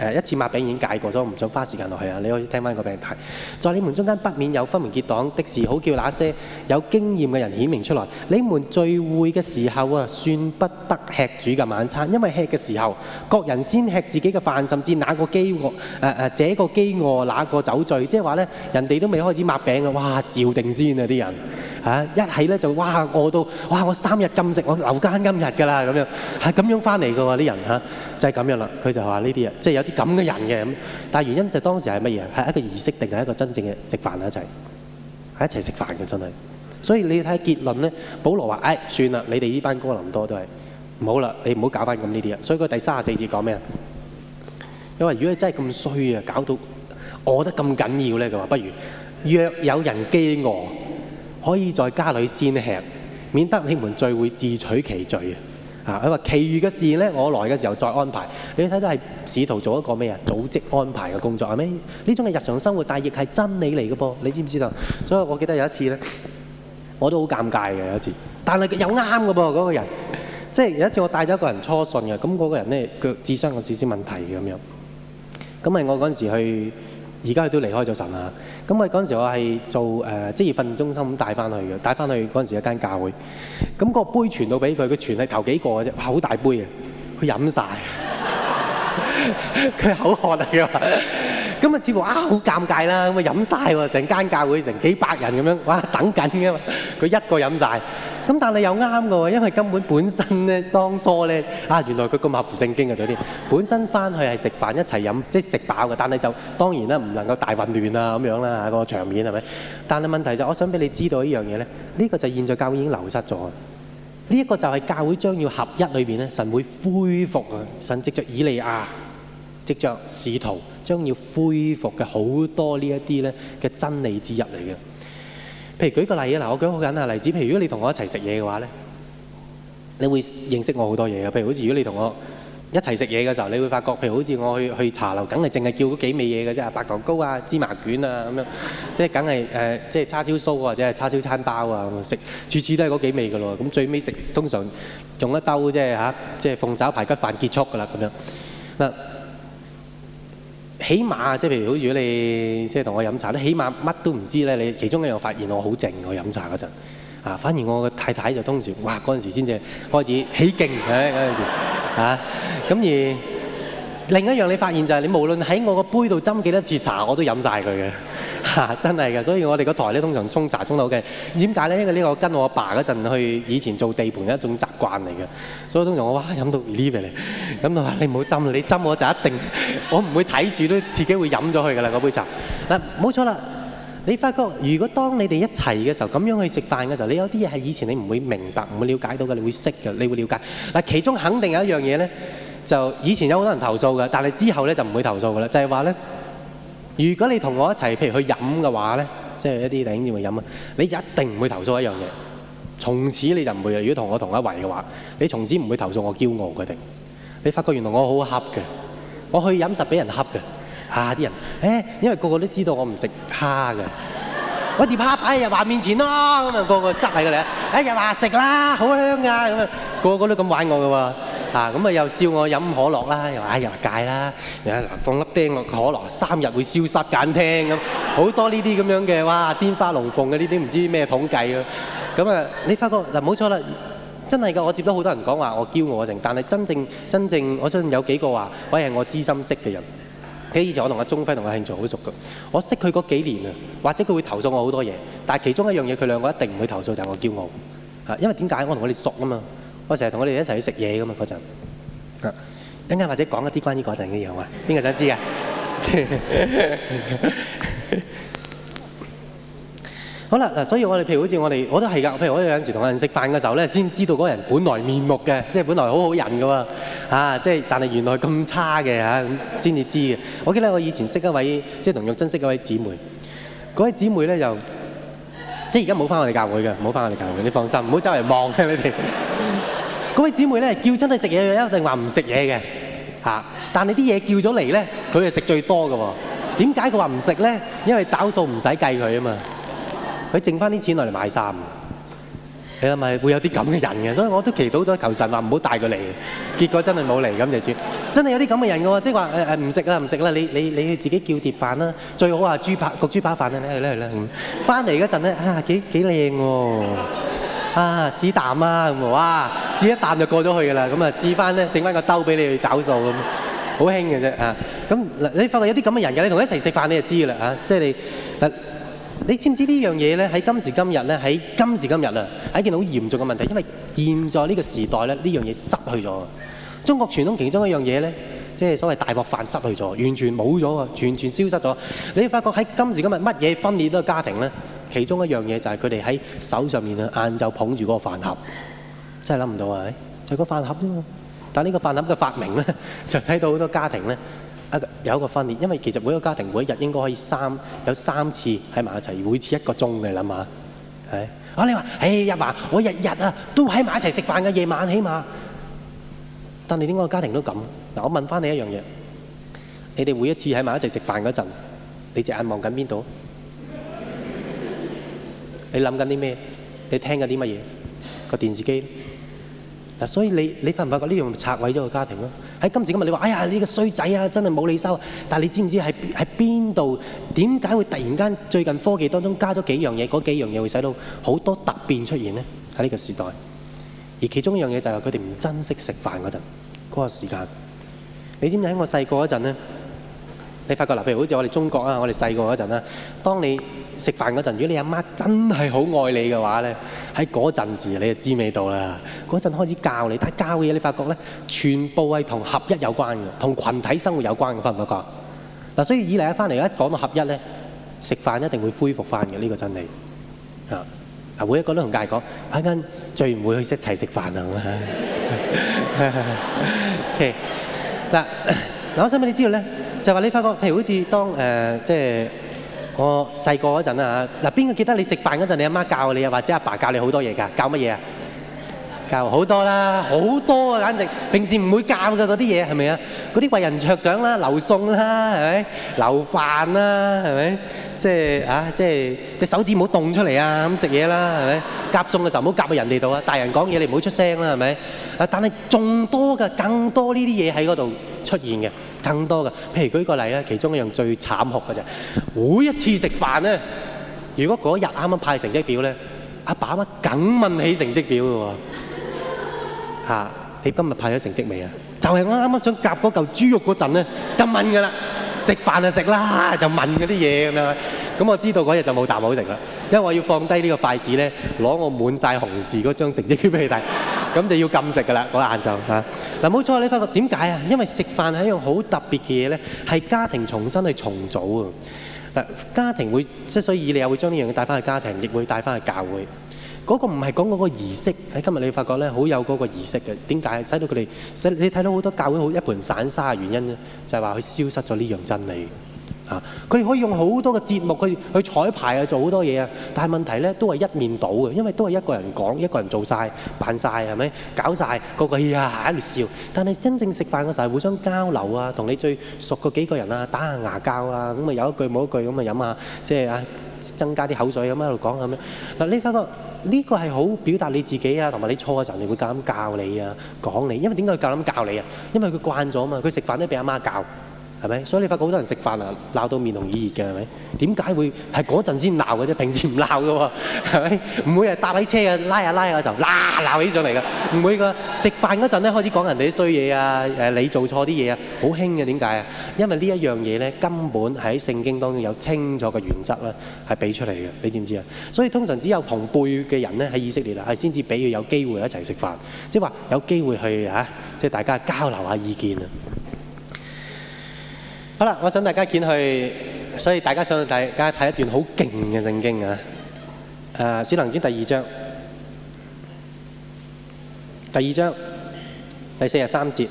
誒一次抹餅已經解過咗，唔想花時間落去啊！你可以聽翻個病題，在你們中間不免有分門結黨的事，好叫那些有經驗嘅人顯明出來。你們聚會嘅時候啊，算不得吃主嘅晚餐，因為吃嘅時候，各人先吃自己嘅飯，甚至哪個飢餓誒誒，這個飢餓，那個酒醉，即係話咧，人哋都未開始抹餅嘅，哇，照定先啊啲人嚇！一喺咧就哇餓到哇，我三日禁食，我留間今日㗎啦咁樣，係咁樣翻嚟嘅喎啲人嚇。就係、是、咁樣啦，佢就話呢啲啊，即、就、係、是、有啲咁嘅人嘅咁。但係原因就當時係乜嘢？係一個儀式定係一個真正嘅食飯喺一齊，喺一齊食飯嘅真係。所以你睇結論咧，保羅話：誒、哎，算啦，你哋呢班哥林多都係，唔好啦，你唔好搞翻咁呢啲啦。所以佢第三十四節講咩啊？因為如果你真係咁衰啊，搞到餓得咁緊要咧，佢話不如若有人飢餓，可以在家裏先吃，免得你們聚會自取其罪啊。啊！佢話：其餘嘅事咧，我來嘅時候再安排。你睇到係試圖做一個咩啊？組織安排嘅工作係咪？呢種係日常生活，但係亦係真理嚟嘅噃。你知唔知道？所以，我記得有一次咧，我都好尷尬嘅有一次。但係又啱嘅噃嗰個人，即係有一次我帶咗一個人初信嘅，咁嗰個人咧，佢智商有少少問題嘅咁樣。咁咪我嗰陣時去，而家佢都離開咗神啦。咁啊！嗰陣時我係做誒職業訓練中心咁帶翻去嘅，帶翻去嗰陣時一間教會，咁個杯傳到俾佢，佢傳係夠幾個嘅啫，好大杯啊，佢飲曬，佢口渴嚟㗎，咁啊似乎啊好尷尬啦，咁啊飲曬喎，成間教會成幾百人咁樣，哇等緊㗎嘛，佢一個飲曬。咁但係你又啱嘅喎，因為根本本身咧，當初咧啊，原來佢咁合乎聖經嘅嗰啲，本身翻去係食飯一齊飲，即係食飽嘅。但係就當然啦，唔能夠大混亂啊咁樣啦，個場面係咪？但係問題就我想俾你知道一樣嘢咧，呢個就係現在教會已經流失咗。呢一個就係教會將要合一裏面咧，神會恢復啊！神藉著以利亞，藉著使徒，將要恢復嘅好多呢一啲咧嘅真理之一嚟嘅。譬如舉個例啊，嗱，我舉好簡單例子。譬如如果你同我一齊食嘢嘅話咧，你會認識我好多嘢嘅。譬如好似如果你同我一齊食嘢嘅時候，你會發覺譬如好似我去去茶樓，梗係淨係叫嗰幾味嘢嘅啫，白糖糕啊、芝麻卷啊咁樣，即係梗係誒，即係叉燒酥或者係叉燒餐包啊，咁樣食次次都係嗰幾味嘅咯。咁最尾食通常用一兜即係嚇，即係鳳爪、排骨飯結束㗎啦咁樣嗱。起碼即係譬如，好似你即係同我飲茶咧，起碼乜都唔知咧。你其中一樣又發現我好靜，我飲茶嗰陣啊，反而我嘅太太就當時哇，嗰陣時先至開始起勁，嗰 陣、啊、時咁、啊、而另一樣你發現就係、是，你無論喺我個杯度斟幾多次茶，我都飲晒佢嘅。嚇、啊！真係嘅，所以我哋個台咧通常沖茶沖到嘅。點解咧？因為呢個跟我阿爸嗰陣去以前做地盤一種習慣嚟嘅，所以通常我話哇飲到 relieve 嚟。咁啊話你唔好斟，你斟我就一定，我唔會睇住都自己會飲咗佢㗎啦嗰杯茶。嗱，冇錯啦。你發覺如果當你哋一齊嘅時候，咁樣去食飯嘅時候，你有啲嘢係以前你唔會明白、唔會了解到嘅，你會識嘅，你會了解。嗱，其中肯定有一樣嘢咧，就以前有好多人投訴嘅，但係之後咧就唔會投訴㗎啦，就係話咧。如果你同我一齊，譬如去飲嘅話呢，即係一啲頂住咪飲啊，你就一定唔會投訴一樣嘢。從此你就唔會，如果同我同一圍嘅話，你從此唔會投訴我驕傲佢哋。你發覺原來我好恰嘅，我去飲實俾人恰嘅啊啲人，誒、哎，因為個個都知道我唔食蝦嘅。我碟蝦擺喺人話面前咯，咁啊個個執喺個嚟，哎又話食啦，好香㗎，咁啊個個都咁玩我㗎喎，嚇咁啊又笑我飲可樂啦，又話又話戒啦，又嗱放粒釘落可樂，三日會消失咁聽咁，好多呢啲咁樣嘅，哇天花龍鳳嘅呢啲唔知啲咩統計咯，咁啊你發覺嗱冇錯啦，真係㗎，我接到好多人講話我驕傲成，但係真正真正我相信有幾個話我係我知心識嘅人。即係以前我同阿鐘輝同阿慶祥好熟噶，我識佢嗰幾年啊，或者佢會投訴我好多嘢，但係其中一樣嘢佢兩個一定唔會投訴就係我驕傲，嚇，因為點解？我同佢哋熟啊嘛，我成日同佢哋一齊去食嘢噶嘛嗰陣，嚇，等間或者講一啲關於嗰陣嘅嘢啊，邊個想知啊？好啦，嗱，所以我哋譬如好似我哋，我都係噶。譬如我哋有陣時同人食飯嘅時候咧，先知道嗰人本來面目嘅，即係本來好好人噶喎，啊，即係但係原來咁差嘅嚇，先、啊、至知嘅。我記得我以前識一位，即係同玉珍識一位姊妹，嗰位姊妹咧就，即係而家冇翻我哋教會嘅，冇翻我哋教會，你放心，唔好周圍望你哋。嗰 位姊妹咧叫真係食嘢，一定話唔食嘢嘅，嚇、啊。但係啲嘢叫咗嚟咧，佢係食最多嘅喎。點解佢話唔食咧？因為找數唔使計佢啊嘛。佢剩翻啲錢落嚟買衫，係咪會有啲咁嘅人嘅？所以我都祈禱咗，求神話唔好帶佢嚟。結果真係冇嚟咁就知，真係有啲咁嘅人嘅喎。即係話誒誒唔食啦，唔食啦，你你你自己叫碟飯啦，最好啊豬扒焗豬扒飯啦，咧嚟咧，翻嚟嗰陣咧嚇幾幾靚喎，啊，啊，啊試啖啊咁喎，哇試一啖就過咗去㗎啦，咁啊試翻咧剩翻個兜俾你去找數咁，好興嘅啫嚇。咁、啊、你發覺有啲咁嘅人嘅，你同佢一齊食飯你就知啦嚇，即、啊、係、就是、你、啊你知唔知呢樣嘢呢？喺今時今日呢，喺今時今日啊，係一件好嚴重嘅問題，因為現在呢個時代呢，呢樣嘢失去咗。中國傳統其中一樣嘢呢，即係所謂大鑊飯失去咗，完全冇咗啊，完全消失咗。你會發覺喺今時今日乜嘢分裂都係家庭呢，其中一樣嘢就係佢哋喺手上面啊，晏晝捧住嗰個飯盒，真係諗唔到啊！就個飯盒啫嘛。但呢個飯盒嘅發明呢，就睇到好多家庭呢。一有一個分裂，因為其實每一個家庭每一日應該可以三有三次喺埋一齊，每次一個鐘嘅啦嘛。係啊，你話，哎呀，爸，我日日啊都喺埋一齊食飯嘅夜晚，起碼。但係點解個家庭都咁？嗱，我問翻你一樣嘢，你哋每一次喺埋一齊食飯嗰陣，你隻眼望緊邊度？你諗緊啲咩？你聽緊啲乜嘢？個電視機。嗱，所以你你發唔發覺呢樣拆毀咗個家庭咯？喺今時今日，你話：哎呀，你個衰仔啊，真係冇你收！但係你知唔知喺係邊度？點解會突然間最近科技當中加咗幾樣嘢？嗰幾樣嘢會使到好多突變出現呢？喺呢個時代，而其中一樣嘢就係佢哋唔珍惜食飯嗰陣嗰個時間。你知唔知喺我細個嗰陣咧？你發覺嗱，譬如好似我哋中國啊，我哋細個嗰陣啦，當你。食飯嗰陣，如果你阿媽真係好愛你嘅話咧，喺嗰陣時你就知味道啦。嗰陣開始教你但係教嘅嘢，你發覺咧，全部係同合一有關嘅，同羣體生活有關嘅，發唔發覺？嗱，所以以嚟一翻嚟咧，一講到合一咧，食飯一定會恢復翻嘅，呢個真理。啊，啊，每一個都同介講，啱啱聚完會去一齊食飯啊嘛。嗱，我想畀你知道咧，就係話你發覺，譬如好似當誒即係。我細個嗰陣啊，嗱，邊個記得你食飯嗰陣，你阿媽教你啊，或者阿爸教你好多嘢㗎，教乜嘢啊？教好多啦，好多啊，簡直平時唔會教嘅嗰啲嘢係咪啊？嗰啲為人着想啦，留餸啦，係咪？留飯啦，係咪？即係啊，即係隻手指唔好動出嚟啊，咁食嘢啦，係咪？夾餸嘅時候唔好夾到人哋度啊，大人講嘢你唔好出聲啦，係咪？啊，但係仲多㗎，更多呢啲嘢喺嗰度出現嘅。更多嘅，譬如舉個例啦，其中一樣最慘酷嘅就係，每一次食飯咧，如果嗰日啱啱派成績表咧，阿爸阿媽梗問起成績表嘅喎，嚇，你今日派咗成績未啊？就係我啱啱想夾嗰嚿豬肉嗰陣咧，就問㗎啦。食飯就食啦，就問嗰啲嘢咁樣。咁我知道嗰日就冇啖好食啦，因為我要放低呢個筷子咧，攞我滿晒紅字嗰張成績表俾你睇，咁就要禁食㗎啦嗰晏晝嚇。嗱冇錯，你發覺點解啊？因為食飯係一樣好特別嘅嘢咧，係家庭重新去重組啊。家庭會，即所以你又會將呢樣嘢帶翻去家庭，亦會帶翻去教會。嗰個唔係講嗰個儀式，喺今日你發覺呢，好有嗰個儀式嘅。點解？使到佢哋使你睇到好多教會好一盤散沙嘅原因呢，就係話佢消失咗呢樣真理。嚇！佢哋可以用好多個節目去去彩排啊，做好多嘢啊。但係問題呢，都係一面倒嘅，因為都係一個人講，一個人做晒、扮晒係咪？搞晒個個呀喺度笑。但係真正食飯嘅時候，互相交流啊，同你最熟嘅幾個人啊，打下牙交啊，咁啊有一句冇一句咁啊飲下，即係啊～增加啲口水咁樣喺度講咁樣，嗱呢個呢個係好表達你自己啊，同埋你初嘅時候，人哋會教咁教你啊，講你，因為點解要教咁教你啊？因為佢慣咗啊嘛，佢食飯都俾阿媽教。係咪？所以你發覺好多人食飯啊，鬧到面紅耳熱嘅係咪？點解會係嗰陣先鬧嘅啫？平時唔鬧嘅喎，係咪？唔 會係搭起車 啊，拉下拉下就嗱鬧起上嚟嘅，唔會嘅。食飯嗰陣咧開始講人哋啲衰嘢啊，誒你做錯啲嘢啊，好興嘅。點解啊？因為呢一樣嘢咧根本喺聖經當中有清楚嘅原則啦，係俾出嚟嘅。你知唔知啊？所以通常只有同輩嘅人咧喺以色列啦，係先至俾佢有機會一齊食飯，即係話有機會去嚇、啊，即係大家交流一下意見啊。好啦，我想大家見去，所以大家上去睇，大家睇一段好勁嘅聖經啊！誒，使徒行傳第二章，第二章第四十三節。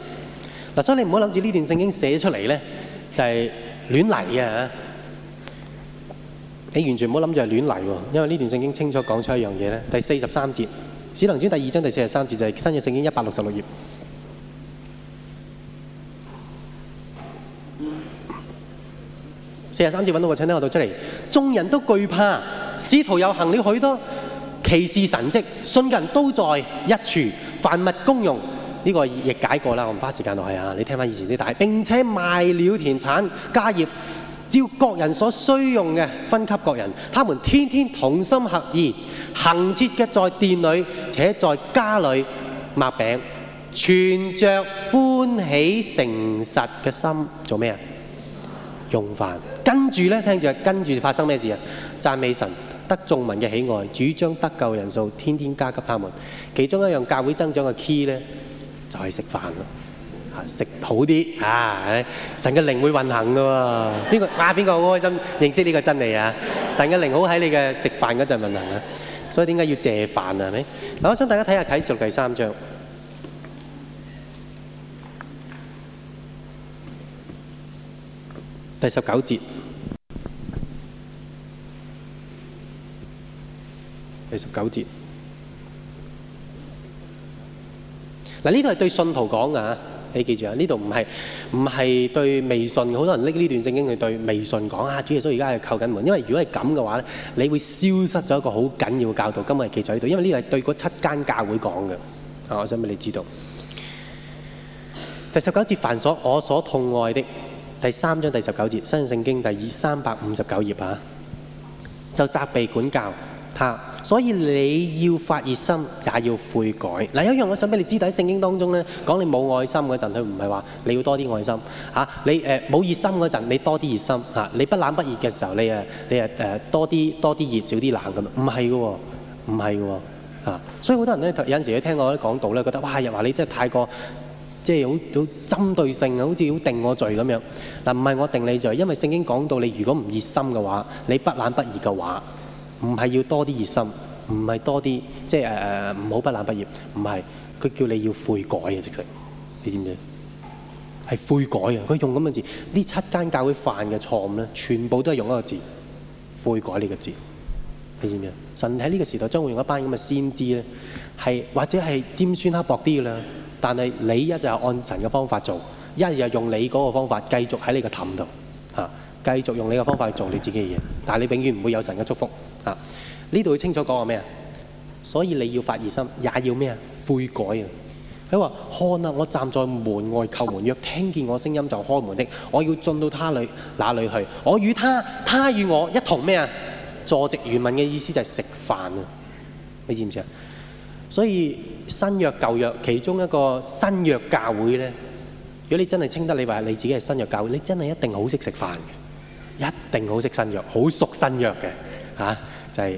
嗱，所以你唔好諗住呢段聖經寫出嚟咧，就係亂嚟嘅嚇。你完全唔好諗住係亂嚟喎，因為呢段聖經清楚講出一樣嘢咧。第四十三節，使徒行傳第二章第四十三節就係新約聖經一百六十六頁。四十三節揾到個，請聽，我讀出嚟。眾人都懼怕，使徒又行了許多奇事神蹟，信嘅人都在一處，凡物公用。呢、這個亦解過啦，我唔花時間落去啊。你聽翻以前啲大，並且賣了田產家業，照各人所需用嘅分給各人。他們天天同心合意，恒切嘅在殿裏且在家裏擘餅，存着歡喜誠實嘅心做咩啊？用飯。跟住咧，聽住，跟住發生咩事啊？讚美神，得眾民嘅喜愛，主將得救人數天天加給他們。其中一樣教會增長嘅 key 咧，就係食飯咯。食好啲啊！神嘅靈會運行㗎喎。邊個啊？邊個好開心認識呢個真理啊？神嘅靈好喺你嘅食飯嗰陣運行啊！所以點解要謝飯啊？係咪？嗱，我想大家睇下啟示錄第三章第十九節。第十九節。嗱，呢度係對信徒講噶，你記住啊，呢度唔係唔係對未信嘅，好多人拎呢段聖經去對未信講啊。主耶穌而家係叩緊門，因為如果係咁嘅話，你會消失咗一個好緊要嘅教導。今日係記咗喺呢度，因為呢係對嗰七間教會講嘅啊。我想俾你知道，第十九節凡所我所痛愛的，第三章第十九節新聖經第二三百五十九頁啊，就責備管教。嚇、啊！所以你要發熱心，也要悔改嗱、啊。有一樣我想俾你知道，喺聖經當中咧，講你冇愛心嗰陣，佢唔係話你要多啲愛心嚇、啊。你誒冇、呃、熱心嗰陣，你多啲熱心嚇、啊。你不冷不熱嘅時候，你誒你誒誒多啲多啲熱少啲冷咁、哦哦、啊？唔係嘅喎，唔係嘅喎嚇。所以好多人都有陣時去聽我講道咧，覺得哇！又話你，你真係太過即係好好針對性啊，好似好定我罪咁樣嗱。唔係我定你罪，因為聖經講到你如果唔熱心嘅話，你不冷不熱嘅話。唔係要多啲熱心，唔係多啲即係誒唔好不冷不熱，唔係佢叫你要悔改嘅直程，你知唔知？係悔改嘅啊。佢用咁嘅字，呢七間教會犯嘅錯誤咧，全部都係用一個字悔改呢個字，你知唔知？神喺呢個時代將會用一班咁嘅先知咧，係或者係尖酸刻薄啲嘅啦，但係你一就係按神嘅方法做，一就用你嗰個方法繼續喺你個氹度。繼續用你嘅方法去做你自己嘅嘢，但你永遠唔會有神嘅祝福啊！呢度要清楚講話咩啊？所以你要發熱心，也要咩啊？悔改啊！佢話：看啊，我站在門外叩門，若聽見我聲音就開門的，我要進到他裏，哪裏去？我與他，他與我一同咩啊？坐席原文嘅意思就係食飯啊！你知唔知啊？所以新約舊約其中一個新約教會呢，如果你真係稱得你話你自己係新約教會，你真係一定好識食飯。一定好識新約，好熟新約嘅嚇，就係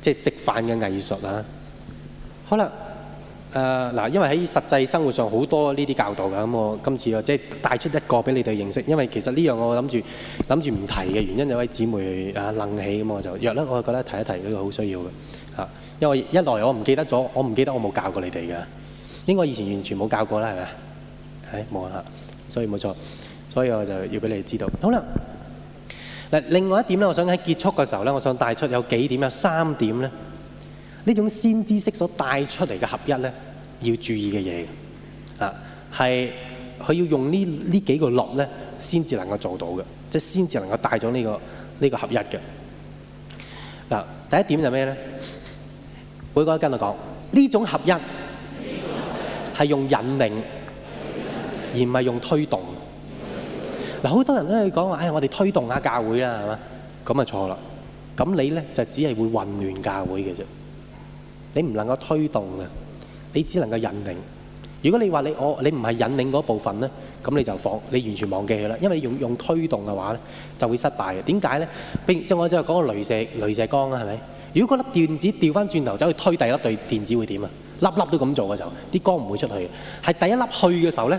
即係食飯嘅藝術啦。好啦，誒嗱，因為喺實際生活上好多呢啲教導嘅咁，我今次啊即係帶出一個俾你哋認識。因為其實呢樣我諗住諗住唔提嘅原因，有位姊妹啊愣起咁，我就約啦，我覺得提一提呢個好需要嘅嚇。因為一來我唔記得咗，我唔記得我冇教過你哋嘅，應該以前完全冇教過啦，係咪啊？係冇錯，所以冇錯，所以我就要俾你知道。好啦。嗱，另外一點咧，我想喺結束嘅時候咧，我想帶出有幾點，有三點咧，呢種先知式所帶出嚟嘅合一咧，要注意嘅嘢，啊，係佢要用呢呢幾個落咧，先至能夠做到嘅，即係先至能夠帶咗呢個呢個合一嘅。嗱，第一點就咩咧？每個都跟我講呢種合一係用引領，而唔係用推動。嗱，好多人都去講話，唉，我哋推動下教會啦，係嘛？咁啊錯啦！咁你咧就只係會混亂教會嘅啫。你唔能夠推動嘅，你只能夠引領。如果你話你我你唔係引領嗰一部分咧，咁你就放你完全忘記佢啦。因為你用用推動嘅話咧，就會失敗嘅。點解咧？並即係我即係講個鐳射鐳射光啊，係咪？如果嗰粒電子掉翻轉頭走去推第一粒電子，會點啊？粒粒都咁做嘅時候，啲光唔會出去嘅。係第一粒去嘅時候咧。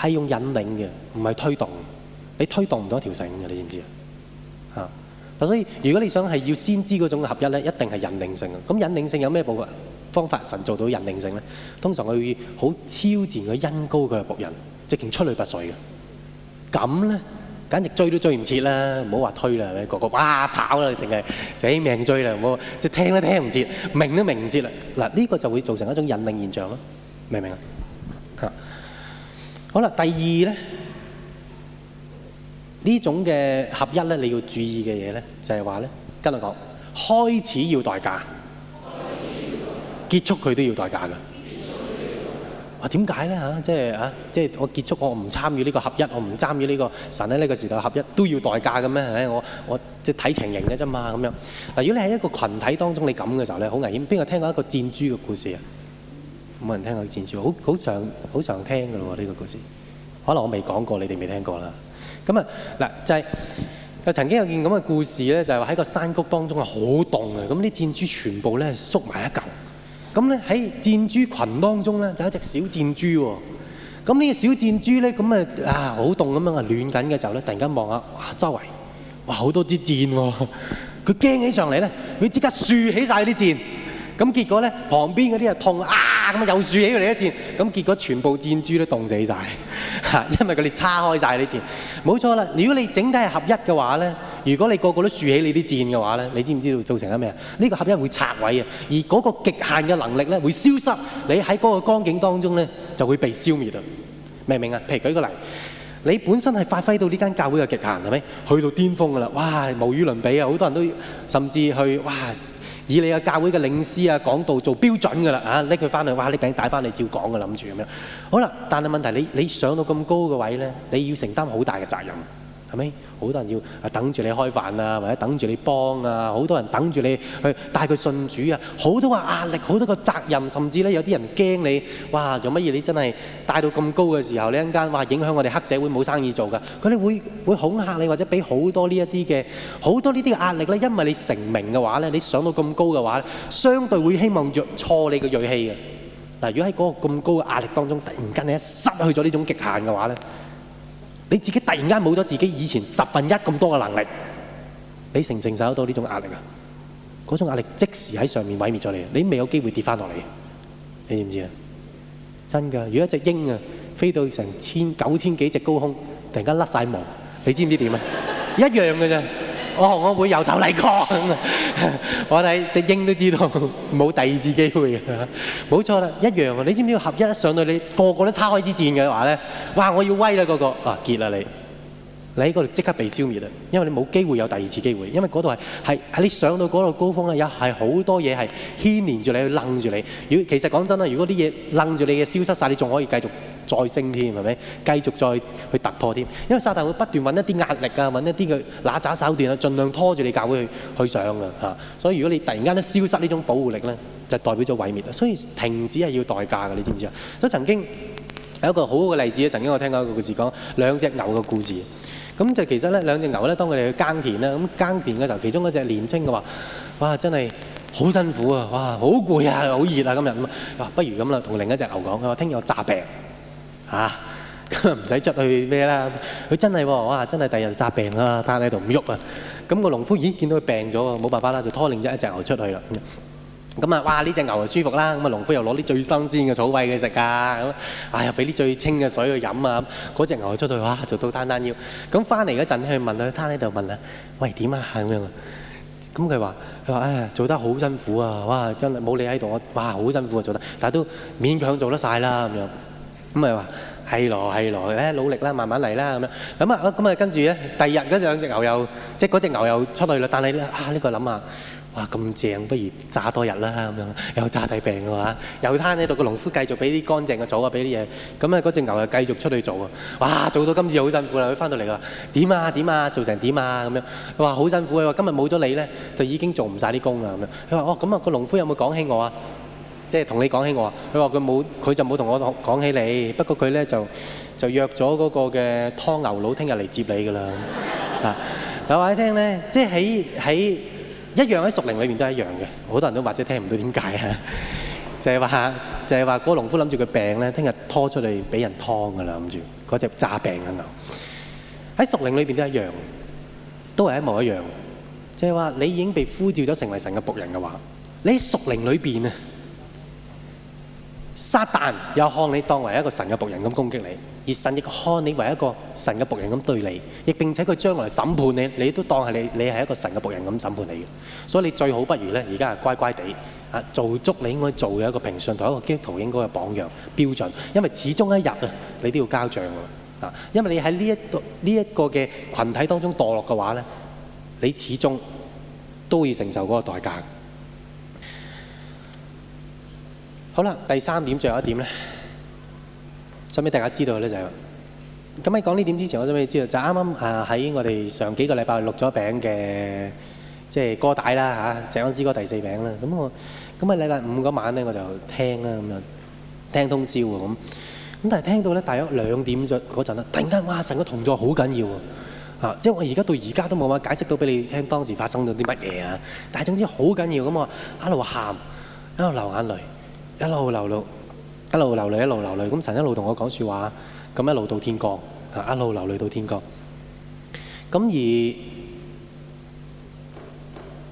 係用引領嘅，唔係推動。你推動唔到一條繩嘅，你知唔知啊？嚇！嗱，所以如果你想係要先知嗰種合一咧，一定係引領性嘅。咁引領性有咩方法？方法神做到引領性咧，通常佢會好超前嘅，因高佢係僕人，直情出類拔萃嘅。咁咧，簡直追都追唔切啦！唔好話推啦，個個哇跑啦，淨係死命追啦，冇即係聽都聽唔切，明都明唔切啦。嗱，呢個就會造成一種引領現象咯，明唔明啊？嚇！好啦，第二咧，呢種嘅合一咧，你要注意嘅嘢咧，就係話咧，跟佢講開始,開始要代價，結束佢都要代價噶。啊點解咧嚇？即係嚇，即係、啊即係啊即係、我結束我唔參與呢個合一，我唔參與呢個神喺呢個時代合一，都要代價嘅咩？我我即係睇情形嘅啫嘛，咁樣。但如果你喺一個群體當中你咁嘅時候咧，好危險。邊個聽過一個箭豬嘅故事啊？冇人聽過箭豬？好好常好常聽嘅咯喎，呢個故事可能我未講過，你哋未聽過啦。咁啊，嗱就係就曾經有件咁嘅故事咧，就係話喺個山谷當中啊，好凍嘅，咁啲箭豬全部咧縮埋一嚿。咁咧喺箭豬群當中咧，就有一隻小箭豬喎。咁呢隻小箭豬咧，咁啊啊好凍咁樣啊，暖緊嘅時候咧，突然間望下哇周圍哇好多支箭喎，佢驚起上嚟咧，佢即刻豎起晒啲箭。咁結果咧，旁邊嗰啲啊痛啊，咁啊又豎起佢嚟一箭。咁結果全部箭豬都凍死曬，嚇！因為佢哋叉開曬啲箭。冇錯啦，如果你整體係合一嘅話咧，如果你個個都豎起你啲箭嘅話咧，你知唔知道造成咗咩啊？呢個合一會拆毀啊，而嗰個極限嘅能力咧會消失。你喺嗰個光景當中咧就會被消滅啊！明唔明啊？譬如舉個例，你本身係發揮到呢間教會嘅極限係咪？去到巔峯㗎啦！哇，無與倫比啊！好多人都甚至去哇～以你嘅教會嘅領師啊講道做標準嘅啦，啊拎佢翻去，哇你餅帶翻嚟照講嘅啦，諗住咁樣好啦。但係問題是你，你上到咁高嘅位咧，你要承擔好大嘅責任。係咪？好多人要啊等住你開飯啊，或者等住你幫啊，好多人等住你去帶佢信主啊，好多個壓力，好多個責任，甚至咧有啲人驚你，哇！做乜嘢？你真係帶到咁高嘅時候，咧一間話影響我哋黑社會冇生意做㗎。佢哋會會恐嚇你，或者俾好多呢一啲嘅好多呢啲壓力咧，因為你成名嘅話咧，你上到咁高嘅話，相對會希望弱挫你嘅鋭氣嘅。嗱，如果喺嗰個咁高嘅壓力當中，突然間你一失去咗呢種極限嘅話咧。你自己突然間冇咗自己以前十分一咁多嘅能力，你承唔承受得到呢種壓力啊？嗰種壓力即時喺上面毀滅咗你，你未有機會跌翻落嚟，你知唔知啊？真㗎，如果一隻鷹啊飛到成千九千幾隻高空，突然間甩晒毛，你知唔知點啊？一樣嘅啫。我、哦、我會由頭嚟過， 我睇隻鷹都知道冇第二次機會嘅，冇 錯啦，一樣你知唔知道合一,一上去，你個個都差開之戰嘅話呢？哇！我要威啦嗰個啊結啦你。你喺嗰度即刻被消滅啦，因為你冇機會有第二次機會，因為嗰度係係喺你上到嗰度高峰咧，有係好多嘢係牽連住你去楞住你。如果其實講真啦，如果啲嘢楞住你嘅消失晒，你仲可以繼續再升添，係咪？繼續再去突破添，因為撒但會不斷揾一啲壓力啊，揾一啲嘅揦鮓手段啊，盡量拖住你教會去去上噶嚇。所以如果你突然間咧消失呢種保護力咧，就代表咗毀滅啦。所以停止係要代價㗎，你知唔知啊？所以曾經有一個好好嘅例子咧，曾經我聽過一個故事，講兩隻牛嘅故事。咁就其實咧，兩隻牛咧，當佢哋去耕田啦。咁耕田嘅時候，其中一隻年青嘅話：哇，真係好辛苦啊！哇，好攰啊，好熱啊，今日啊嘛。哇，不如咁啦，同另一隻牛講，佢話：聽日我詐病嚇，唔使出去咩啦。佢真係喎，哇，真係第二日詐病啦，攤喺度唔喐啊。咁個農夫已經見到佢病咗啊，冇辦法啦，就拖另一隻牛出去啦。咁啊，哇！呢隻牛就舒服啦，咁啊農夫又攞啲最新鮮嘅草餵佢食噶，咁哎呀俾啲最清嘅水去飲啊咁，嗰隻牛又出到去，哇！做到單單腰，咁翻嚟嗰陣咧，佢問佢喺度問咧，喂，點啊咁樣？咁佢話佢話唉，做得好辛苦啊，哇！真係冇你喺度我，哇！好辛苦啊做得，但係都勉強做得晒啦咁樣。咁咪話係咯係咯，咧努力啦，慢慢嚟啦咁樣。咁啊咁啊，跟住咧第二日嗰兩隻牛又即係嗰隻牛又出到去啦，但係咧啊呢個諗啊。哇咁正，不如炸多日啦咁樣，又炸大病嘅話，又攤喺度，個農夫繼續俾啲乾淨嘅草啊，俾啲嘢，咁啊嗰隻牛又繼續出去做啊，哇做到今次好辛苦啦，佢翻到嚟話點啊點啊做成點啊咁樣，佢話好辛苦，佢話今日冇咗你咧就已經做唔晒啲工啦咁樣，佢話哦咁啊個農夫有冇講起我啊，即係同你講起我啊，佢話佢冇佢就冇同我講起你，不過佢咧就就約咗嗰個嘅劏牛佬聽日嚟接你嘅啦，嗱話你聽咧？即係喺喺。一樣喺屬靈裏面都一樣嘅，好多人都或者聽唔到點解啊？就係話，就係話嗰個農夫諗住佢病咧，聽日拖出嚟俾人劏嘅啦，諗住嗰隻詐病嘅牛。喺屬靈裏邊都一樣，都係一模一樣。就係話你已經被呼召咗成為神嘅僕人嘅話，你喺屬靈裏面。啊。撒旦又看你當為一個神嘅僕人咁攻擊你，而神亦看你為一個神嘅僕人咁對你，亦並且佢將來審判你，你都當係你你係一個神嘅僕人咁審判你嘅。所以你最好不如呢，而家係乖乖地啊，做足你應該做嘅一個評信同一個基督徒應該嘅榜樣標準，因為始終一日啊，你都要交賬㗎。啊，因為你喺呢一個呢一個嘅群體當中墮落嘅話呢，你始終都會承受嗰個代價。好啦，第三點，最後一點咧，想俾大家知道咧就係，咁喺講呢點之前，我想俾你知道，就啱啱啊喺我哋上幾個禮拜錄咗餅嘅，即係歌帶啦嚇，鄭恩之歌第四餅啦。咁我，咁啊禮拜五嗰晚咧，我就聽啦咁樣，聽通宵喎咁。咁但係聽到咧，大約兩點咗嗰陣啦，突然間哇！神嘅同在好緊要喎，啊！即係我而家到而家都冇辦法解釋到俾你聽當時發生咗啲乜嘢啊！但係總之好緊要咁啊，一路啊喊，一路流眼淚。一路流淚，一路流淚，一路流淚。咁神一路同我講說話，咁一路到天光，就是，啊一路流淚到天光。咁而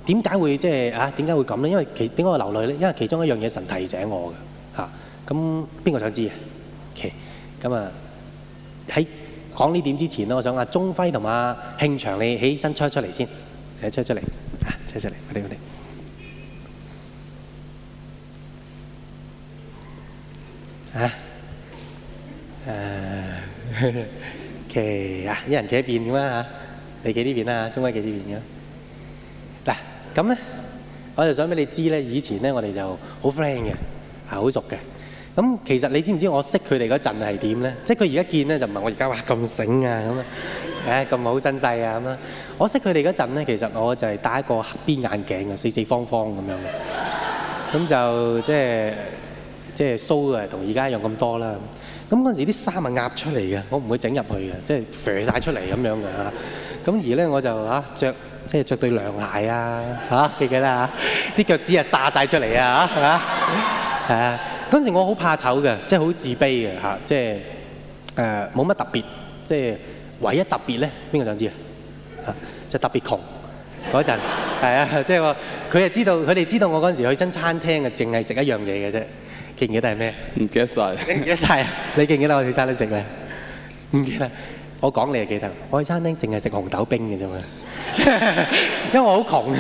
點解會即係啊？點解會咁咧？因為其點解我流淚咧？因為其中一樣嘢神提醒我嘅嚇。咁邊個想知啊？OK。咁啊喺講呢點之前咧，我想阿鐘輝同阿慶祥，你起身出出嚟先。誒出出嚟，啊出出嚟，嚇誒，其啊，一人企一邊咁啊嚇，你企呢邊啊，中間企呢邊嘅。嗱咁咧，我就想俾你知咧，以前咧我哋就好 friend 嘅，係好熟嘅。咁其實你知唔知我識佢哋嗰陣係點咧？即係佢而家見咧就唔係我而家話咁醒啊咁啊，誒咁好身世啊咁啊。我識佢哋嗰陣咧，其實我就係戴一個黑邊眼鏡嘅，四四方方咁樣嘅，咁就即係。跟現在是的即係蘇啊，同而家一樣咁多啦。咁嗰陣時啲衫啊壓出嚟嘅，我唔會整入去嘅，即係肥晒出嚟咁樣嘅嚇。咁而咧我就嚇著即係著對涼鞋啊嚇、啊，記記得啊啲腳趾啊晒晒出嚟啊嚇，係嘛，係啊，嗰陣時我好怕醜嘅，即係好自卑嘅嚇、啊，即係誒冇乜特別，即係唯一特別咧，邊個想知啊？即係、特別窮嗰陣係啊，即係我佢係知道佢哋知道我嗰陣時去親餐廳啊，淨係食一樣嘢嘅啫。記唔記得係咩？唔記得曬。唔記得曬啊！你記唔記得我哋餐廳食咩？唔記得。我講你係記得。我去餐廳淨係食紅豆冰嘅啫嘛。因為我好窮啊。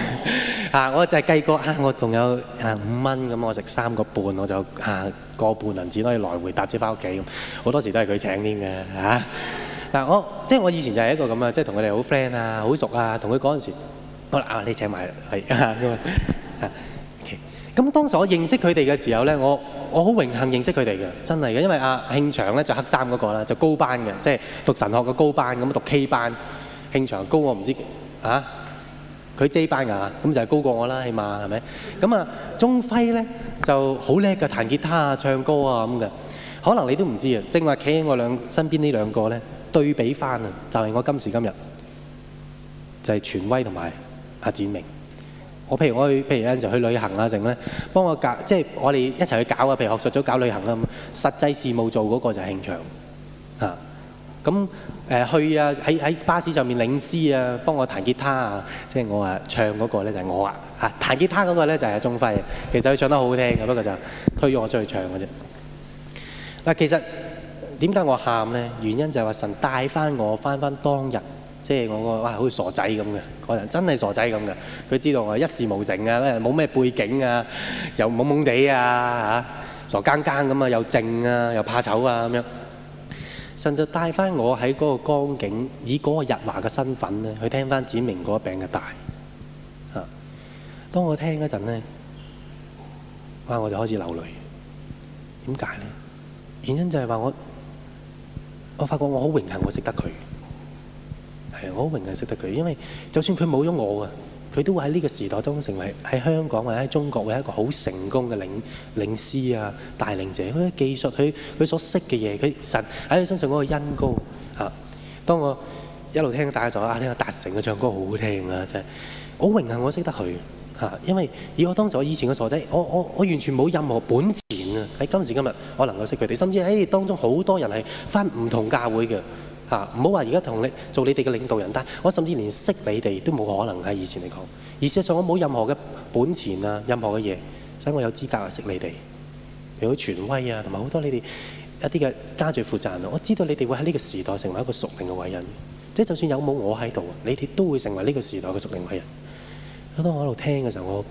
啊，我就係計過啊，我仲有啊五蚊咁，我食三個半，我就啊個半銀紙可以來回搭車翻屋企咁。好多時都係佢請添㗎嚇。嗱，我即係我以前就係一個咁啊，即係同佢哋好 friend 啊，好熟啊，同佢嗰陣時我啊你請埋係啊咁啊。咁當時我認識佢哋嘅時候咧，我我好榮幸認識佢哋嘅，真係嘅，因為阿慶祥咧就黑衫嗰個啦，就高班嘅，即係讀神學嘅高班咁，K 班慶祥高我唔知啊，佢 J 班啊咁就係高過我啦，起碼係咪？咁啊，鐘輝咧就好叻嘅，彈吉他啊、唱歌啊咁嘅，可能你都唔知啊。正話企喺我兩身邊呢兩個咧，對比翻啊，就係我今時今日就係全威同埋阿展明。我譬如我去，譬如有陣時去旅行啊，剩咧幫我搞，即係我哋一齊去搞啊。譬如學術組搞旅行啦，實際事務做嗰個就係慶長啊。咁誒、呃、去啊，喺喺巴士上面領詩啊，幫我彈吉他啊，即係我啊唱嗰個咧就係、是、我啊。啊彈吉他嗰個咧就係阿鐘輝，其實佢唱得好好聽嘅，不過就推咗我出去唱嘅啫。嗱、啊，其實點解我喊咧？原因就係話神帶翻我翻翻當日。即係我個哇，好似傻仔咁嘅嗰人，真係傻仔咁嘅。佢知道我一事無成啊，冇咩背景啊，又懵懵地啊嚇，傻更更咁啊，又靜啊，又怕醜啊咁樣。甚至帶翻我喺嗰個光景，以嗰個日華嘅身份咧，去聽翻子明嗰病嘅大嚇。當我聽嗰陣咧，哇！我就開始流淚。點解咧？原因就係話我，我發覺我好榮幸，我識得佢。我好榮幸識得佢，因為就算佢冇咗我啊，佢都會喺呢個時代中成為喺香港或者喺中國嘅一個好成功嘅領領師啊、帶領者。佢嘅技術，佢佢所識嘅嘢，佢神喺佢身上嗰個恩膏嚇、啊。當我一路聽大家就話、啊，聽達成嘅唱歌好好聽啊，真係，好榮幸我識得佢嚇，因為以我當時我以前嘅傻仔，我我我完全冇任何本錢啊！喺今時今日我能夠識佢哋，甚至喺當中好多人係翻唔同教會嘅。嚇，唔好話而家同你做你哋嘅領導人，但我甚至連識你哋都冇可能喺以前嚟講。而事實上我冇任何嘅本錢啊，任何嘅嘢，使我有資格啊識你哋，有好權威啊，同埋好多你哋一啲嘅家族負責人。我知道你哋會喺呢個時代成為一個屬靈嘅偉人。即係就算有冇我喺度，你哋都會成為呢個時代嘅屬靈偉人。當我喺度聽嘅時候，我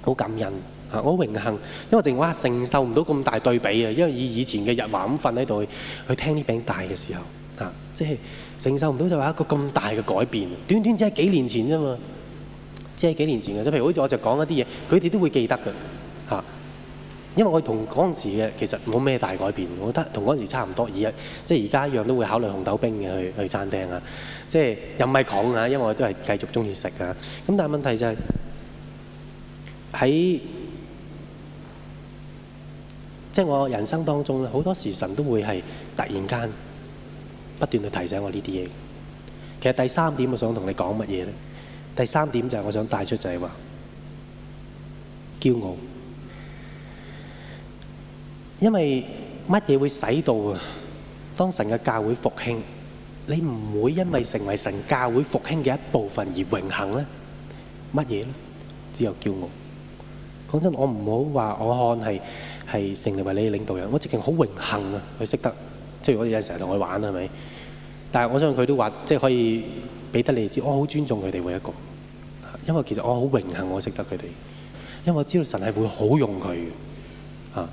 好感恩，我好榮幸，因為我、就是、承受唔到咁大對比啊。因為以以前嘅日華咁瞓喺度去聽呢餅大嘅時候。啊！即係承受唔到就話一個咁大嘅改變，短短只係幾年前啫嘛，只係幾年前嘅。譬如好似我就講一啲嘢，佢哋都會記得嘅。嚇！因為我同嗰陣時嘅其實冇咩大改變，我覺得同嗰陣時差唔多。而即係而家一樣都會考慮紅豆冰嘅去去餐廳啊。即係又唔係講啊，因為我都係繼續中意食啊。咁但係問題就係喺即係我人生當中好多時神都會係突然間。不斷去提醒我呢啲嘢。其實第三點我想同你講乜嘢呢？第三點就係我想帶出就係話，驕傲。因為乜嘢會使到啊？當神嘅教會復興，你唔會因為成為神教會復興嘅一部分而榮幸呢？乜嘢呢？只有驕傲。講真，我唔好話，我看係係成為你領導人，我直情好榮幸啊，佢識得。即係我哋有陣日同佢玩係咪？但係我相信佢都話，即係可以俾得你哋知，我好尊重佢哋每一個，因為其實我好榮幸我識得佢哋，因為我知道神係會好用佢嘅，啊！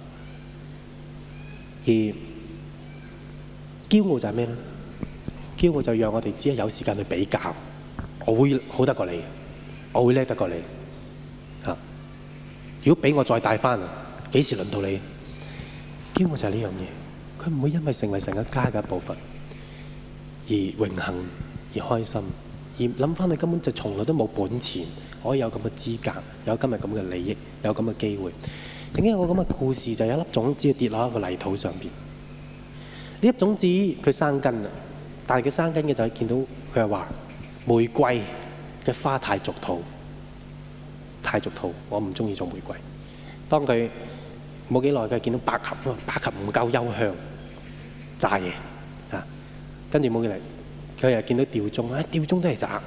而驕傲就係咩咧？驕傲就讓我哋只係有時間去比較，我會好得過你，我會叻得過你，啊！如果俾我再帶翻，幾時輪到你？驕傲就係呢樣嘢。佢唔會因為成為成個家嘅一部分而榮幸、而開心、而諗翻你根本就從來都冇本錢可以有咁嘅資格、有今日咁嘅利益、有咁嘅機會。曾經有個咁嘅故事，就有一粒種子跌落一個泥土上邊。呢粒種子佢生根，但係佢生根嘅就係見到佢係話玫瑰嘅花太俗套，太俗套，我唔中意做玫瑰。當佢冇幾耐佢，見到百合，百合唔夠幽香，炸嘅啊！跟住冇幾耐，佢又見到吊鐘，吊鐘都係炸，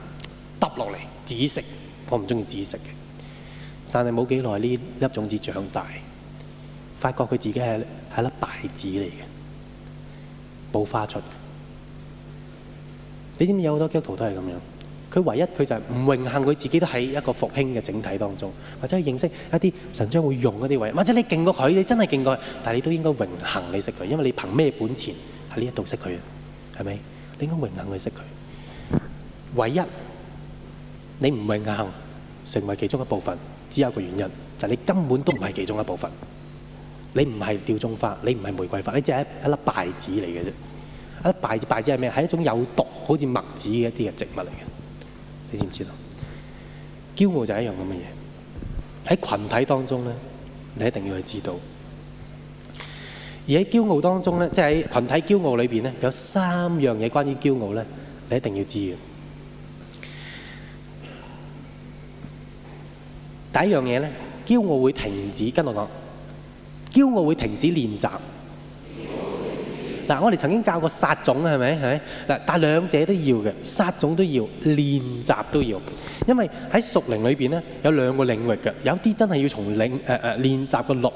揼落嚟紫色，我唔鍾意紫色嘅。但係冇幾耐呢粒種子長大，發覺佢自己係一粒稗子嚟嘅，冇花出。你知唔知道有好多基督徒都係咁樣？佢唯一佢就係唔榮幸佢自己，都喺一個復興嘅整體當中，或者認識一啲神將會用嗰啲位，或者你勁過佢，你真係勁過，但係你都應該榮幸你識佢，因為你憑咩本錢喺呢一度識佢啊？係咪？你應該榮幸去識佢。唯一你唔榮幸成為其中一部分，只有一個原因就係、是，你根本都唔係其中一部分。你唔係吊鐘花，你唔係玫瑰花，你只係一粒敗子嚟嘅啫。一粒敗子，敗子係咩？係一種有毒好似麥子嘅一啲嘅植物嚟嘅。你知唔知道？驕傲就係一樣咁嘅嘢。喺羣體當中呢，你一定要去知道。而喺驕傲當中咧，即喺羣體驕傲裏面呢，有三樣嘢關於驕傲呢，你一定要知道。第一樣嘢咧，驕傲會停止。跟我講，驕傲會停止練習。嗱，我哋曾經教過殺種啊，係咪？係咪？嗱，但係兩者都要嘅，殺種都要，練習都要。因為喺熟靈裏邊咧，有兩個領域嘅，有啲真係要從領誒誒練習個落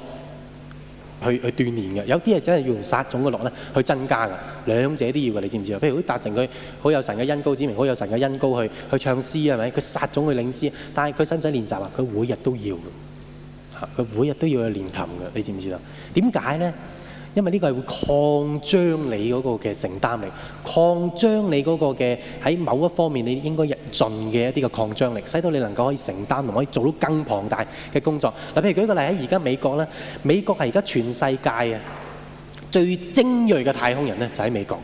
去去鍛鍊嘅，有啲係真係要從殺種個落咧去增加嘅。兩者都要嘅，你知唔知啊？譬如佢達成佢好有神嘅恩膏指明好有神嘅恩膏去去唱詩係咪？佢殺種去領詩，但係佢使唔使練習啊，佢每日都要嘅，佢每日都要去練琴嘅，你知唔知道？點解咧？因為呢個係會擴張你嗰個嘅承擔力，擴張你嗰個嘅喺某一方面，你應該入盡嘅一啲嘅擴張力，使到你能夠可以承擔同可以做到更龐大嘅工作。嗱，譬如舉個例喺而家美國咧，美國係而家全世界嘅最精鋭嘅太空人咧，就喺美國。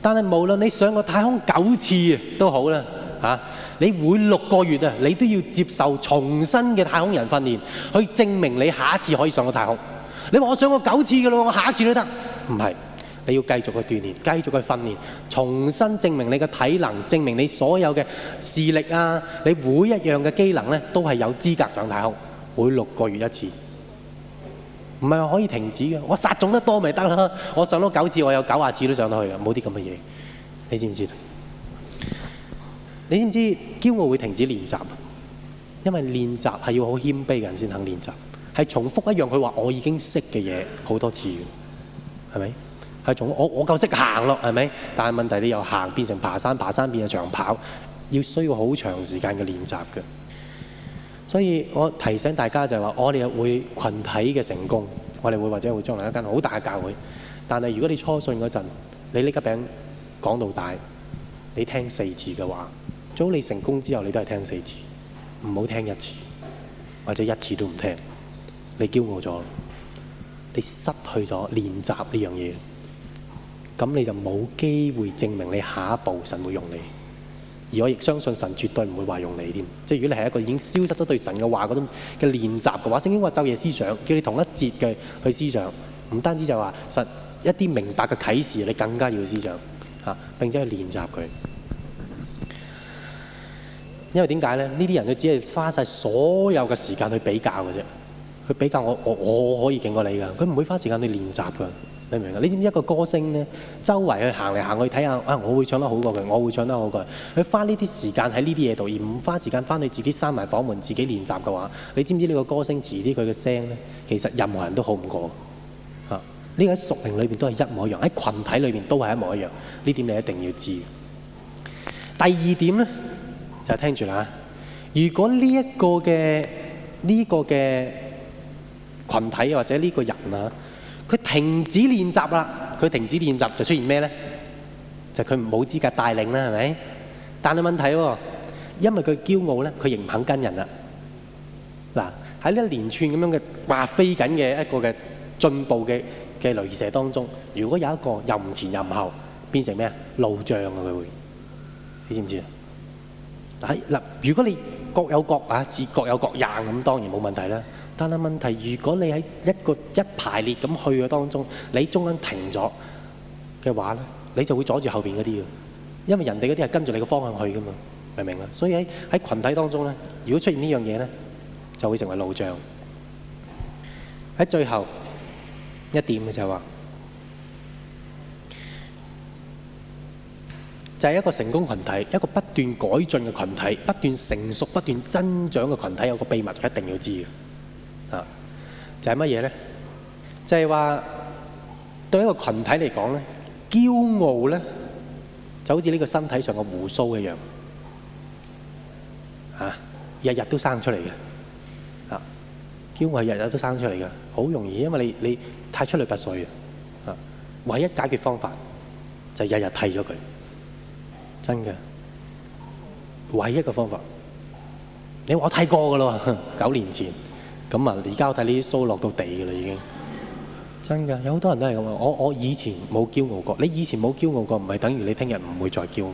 但係無論你上過太空九次都好啦，嚇，你每六個月啊，你都要接受重新嘅太空人訓練，去證明你下一次可以上到太空。你話我上過九次嘅咯，我下一次都得。唔係，你要繼續去鍛鍊，繼續去訓練，重新證明你嘅體能，證明你所有嘅視力啊，你每一樣嘅機能咧，都係有資格上太空。每六個月一次，唔係可以停止嘅。我殺種得多咪得啦？我上咗九次，我有九廿次都上到去嘅，冇啲咁嘅嘢。你知唔知道？你知唔知道？驕傲會停止練習，因為練習係要好謙卑嘅人先肯練習。係重複一樣，佢話我已經識嘅嘢好多次，係咪？係重我我夠識行咯，係咪？但係問題係你又行變成爬山，爬山變成長跑，要需要好長時間嘅練習嘅。所以我提醒大家就係話，我哋會群體嘅成功，我哋會或者會將嚟一間好大嘅教會。但係如果你初信嗰陣，你呢個餅講到大，你聽四次嘅話，早你成功之後，你都係聽四次，唔好聽一次，或者一次都唔聽。你驕傲咗，你失去咗練習呢樣嘢，咁你就冇機會證明你下一步神會用你。而我亦相信神絕對唔會話用你添。即係如果你係一個已經消失咗對神嘅話嗰種嘅練習嘅話，聖經話晝夜思想，叫你同一節嘅去思想，唔單止就話實一啲明白嘅啟示，你更加要思想吓，並且去練習佢。因為點解咧？呢啲人佢只係花晒所有嘅時間去比較嘅啫。佢比較我，我我可以勁過你㗎。佢唔會花時間去練習㗎，你明唔明啊？你知唔知一個歌星咧，周圍去行嚟行去睇下啊，我會唱得好過佢，我會唱得好過佢。佢花呢啲時間喺呢啲嘢度，而唔花時間翻去自己閂埋房門自己練習嘅話，你知唔知呢個歌星遲啲佢嘅聲咧？其實任何人都好唔過啊！呢個喺屬靈裏邊都係一模一樣，喺群體裏邊都係一模一樣。呢點你一定要知。第二點咧就係聽住啦。如果呢一個嘅呢個嘅羣體或者呢個人啊，佢停止練習啦，佢停止練習就出現咩咧？就佢、係、冇資格帶領啦，係咪？但係問題喎、啊，因為佢驕傲咧，佢亦唔肯跟人啦。嗱，喺呢一連串咁樣嘅話飛緊嘅一個嘅進步嘅嘅雷射當中，如果有一個又唔前又唔後，變成咩啊？路障啊！佢會，你知唔知啊？嗱嗱，如果你各有各啊，自各有各人咁，當然冇問題啦。但係問題，如果你喺一個一排列咁去嘅當中，你中間停咗嘅話咧，你就會阻住後邊嗰啲嘅，因為人哋嗰啲係跟住你嘅方向去嘅嘛，明唔明啊？所以喺喺羣體當中咧，如果出現呢樣嘢咧，就會成為路障。喺最後一點嘅就係話，就係一個成功羣體，一個不斷改進嘅羣體，不斷成熟、不斷增長嘅羣體，有個秘密，佢一定要知嘅。啊！就係乜嘢咧？就係、是、話對一個群體嚟講咧，驕傲咧，就好似呢個身體上嘅胡鬚一樣，啊，日日都生出嚟嘅，啊，驕傲係日日都生出嚟嘅，好容易，因為你你，你太出類拔萃。啊！唯一解決方法就係日日剃咗佢，真嘅，唯一嘅方法。你話我剃過嘅咯，九年前。咁啊！而家睇呢啲 show 落到地嘅啦，已經真㗎。有好多人都係咁啊！我我以前冇驕傲過，你以前冇驕傲過，唔係等於你聽日唔會再驕傲。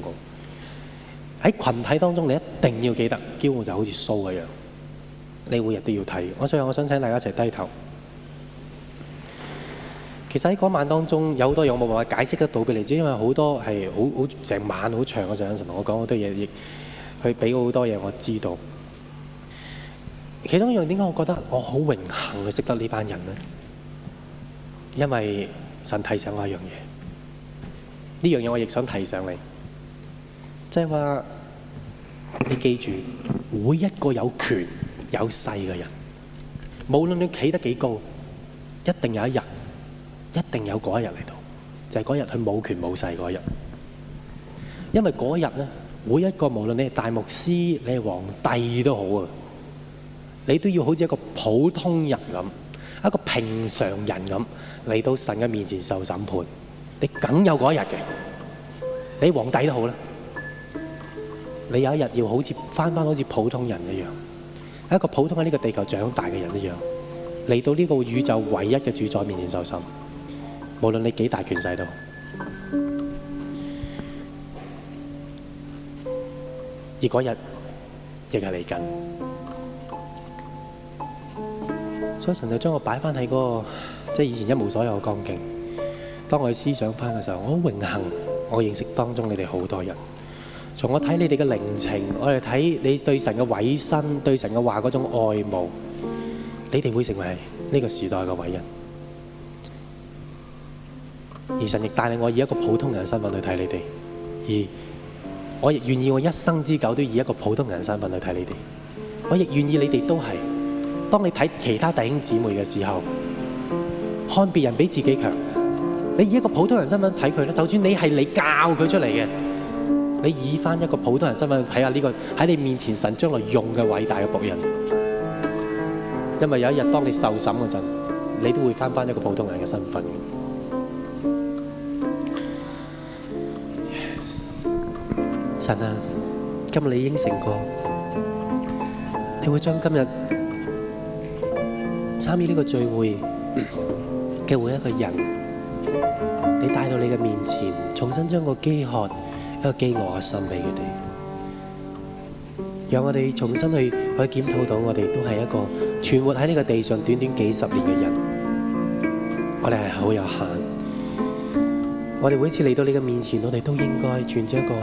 喺群體當中，你一定要記得驕傲就好似 show 一樣，你每日都要睇。我所以我想請大家一齊低頭。其實喺嗰晚當中，有好多嘢我冇辦法解釋得到俾你知，因為好多係好好成晚好長嘅時間，神同我講好多嘢，亦佢俾好多嘢我知道。其中一樣點解我覺得我好榮幸去識得呢班人呢？因為神提醒我一樣嘢，呢樣嘢我亦想提醒你，即係話你記住，每一個有權有勢嘅人，無論你企得幾高，一定有一日，一定有嗰一日嚟到，就係嗰日佢冇權冇勢嗰日。因為嗰日咧，每一個無論你係大牧師、你係皇帝都好啊。你都要好似一個普通人咁，一個平常人咁嚟到神嘅面前受審判。你梗有嗰一日嘅，你皇帝都好啦，你有一日要好似翻翻好似普通人一樣，一個普通喺呢個地球長大嘅人一樣，嚟到呢個宇宙唯一嘅主宰面前受審。無論你幾大權勢都，而嗰日亦係嚟緊。所以神就將我擺翻喺嗰個，即係以前一無所有嘅光景。當我去思想翻嘅時候，我好榮幸，我認識當中你哋好多人。從我睇你哋嘅靈情，我哋睇你對神嘅委身，對神嘅話嗰種愛慕，你哋會成為呢個時代嘅偉人。而神亦帶領我以一個普通人嘅身份去睇你哋，而我亦願意我一生之久都以一個普通人嘅身份去睇你哋。我亦願意你哋都係。當你睇其他弟兄姊妹嘅時候，看別人比自己強，你以一個普通人身份睇佢咧。就算你係你教佢出嚟嘅，你以翻一個普通人身份睇下呢個喺你面前神將來用嘅偉大嘅僕人。因為有一日當你受審嗰陣，你都會翻翻一個普通人嘅身份、yes。神啊，今日你應承過，你會將今日，參與呢個聚會嘅每一個人，你帶到你嘅面前，重新將個飢渴、一個飢餓嘅心俾佢哋，讓我哋重新去去檢討到我哋都係一個存活喺呢個地上短短幾十年嘅人，我哋係好有限。我哋每次嚟到你嘅面前，我哋都應該存著一個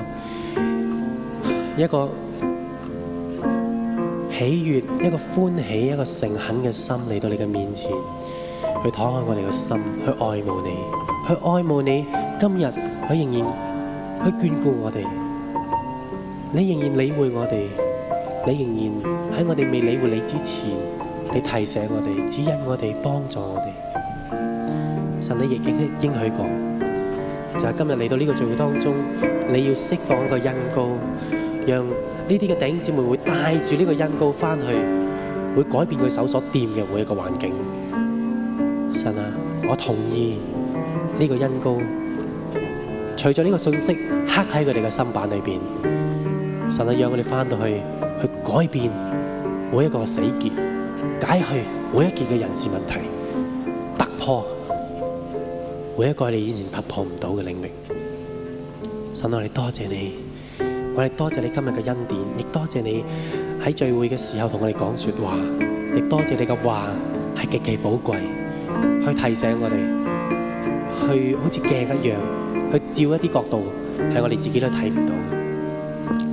一個喜悅，一個歡喜，一個誠懇嘅心嚟到你嘅面前，去敞開我哋嘅心，去愛慕你，去愛慕你。今日佢仍然去眷顧我哋，你仍然理會我哋，你仍然喺我哋未理會你之前，你提醒我哋，指引我哋，幫助我哋。神，你亦已經應許過，就係、是、今日嚟到呢個聚會當中，你要釋放一個恩膏，讓。呢啲嘅弟兄姊妹會帶住呢個恩膏翻去，會改變佢手所掂嘅每一個環境。神啊，我同意呢個恩膏，隨著呢個信息刻喺佢哋嘅心板裏邊。神啊，讓我哋翻到去去改變每一個死結，解去每一件嘅人事問題，突破每一個你以前突破唔到嘅領域。神啊，我哋多謝你。我哋多謝你今日嘅恩典，亦多謝你喺聚會嘅時候同我哋講說話，亦多謝你嘅話係極其寶貴，去提醒我哋，去好似鏡一樣，去照一啲角度係我哋自己都睇唔到。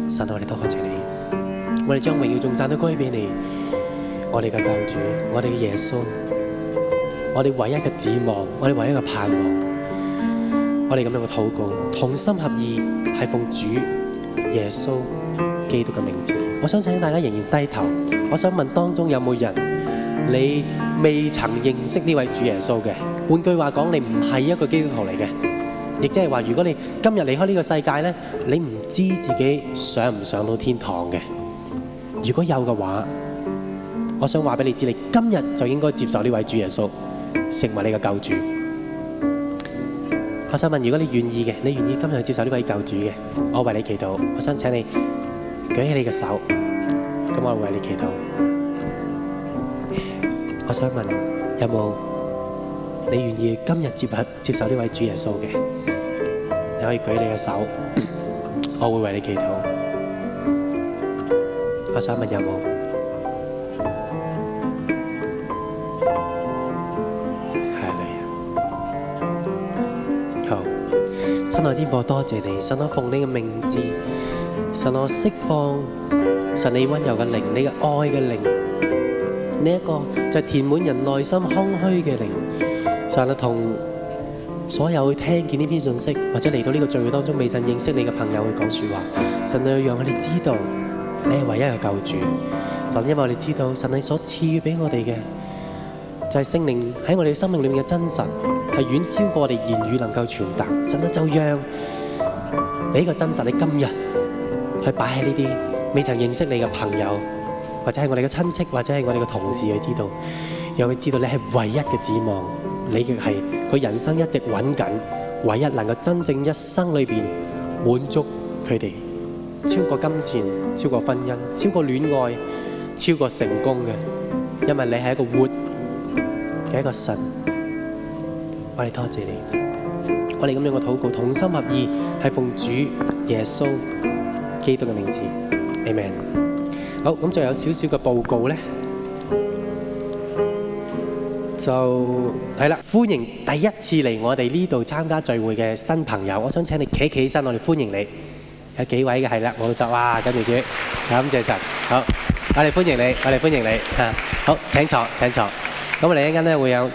神啊，我哋多謝你，我哋將榮耀頌讚都歸俾你，我哋嘅救主，我哋嘅耶穌，我哋唯一嘅指望，我哋唯一嘅盼望。我哋咁樣嘅禱告，同心合意係奉主耶穌基督嘅名字，我想請大家仍然低頭。我想問當中有冇人你未曾認識呢位主耶穌嘅？換句話講，你唔係一個基督徒嚟嘅，亦即係話，如果你今日離開呢個世界咧，你唔知自己上唔上到天堂嘅。如果有嘅話，我想話俾你知，你今日就應該接受呢位主耶穌，成為你嘅救主。我想問，如果你願意嘅，你願意今日接受呢位救主嘅，我為你祈禱。我想請你舉起你嘅手，咁我為你祈禱。我想問有冇你願意今日接受接受呢位主耶穌嘅？你可以舉你嘅手，我會為你祈禱。我想問有冇？親愛的天父，多謝你，神可奉你嘅名字，神可釋放，神你温柔嘅靈，你嘅愛嘅靈，呢一個就係填滿人內心空虛嘅靈。神啊，同所有聽見呢篇信息或者嚟到呢個聚會當中未曾認識你嘅朋友去講說話，神啊，讓佢哋知道你係唯一嘅救主。神，因為我哋知道神的，神你所賜予俾我哋嘅就係聖靈喺我哋生命裏面嘅真神。係遠超過我哋言語能夠傳達。神啊，就讓你嘅真實，你今日去擺喺呢啲未曾認識你嘅朋友，或者係我哋嘅親戚，或者係我哋嘅同事去知道，讓佢知道你係唯一嘅指望，你亦係佢人生一直揾緊，唯一能夠真正一生裏邊滿足佢哋，超過金錢，超過婚姻，超過戀愛，超過成功嘅，因為你係一個活嘅一個神。我哋多謝你，我哋咁樣嘅禱告，同心合意，係奉主耶穌基督嘅名字，阿門。好，咁就有少少嘅報告咧，就係啦。歡迎第一次嚟我哋呢度參加聚會嘅新朋友，我想請你企起身，我哋歡迎你。有幾位嘅係啦，冇錯哇，跟住主，感謝神。好，我哋歡迎你，我哋歡迎你。好，請坐，請坐。咁我哋一陣間咧會有。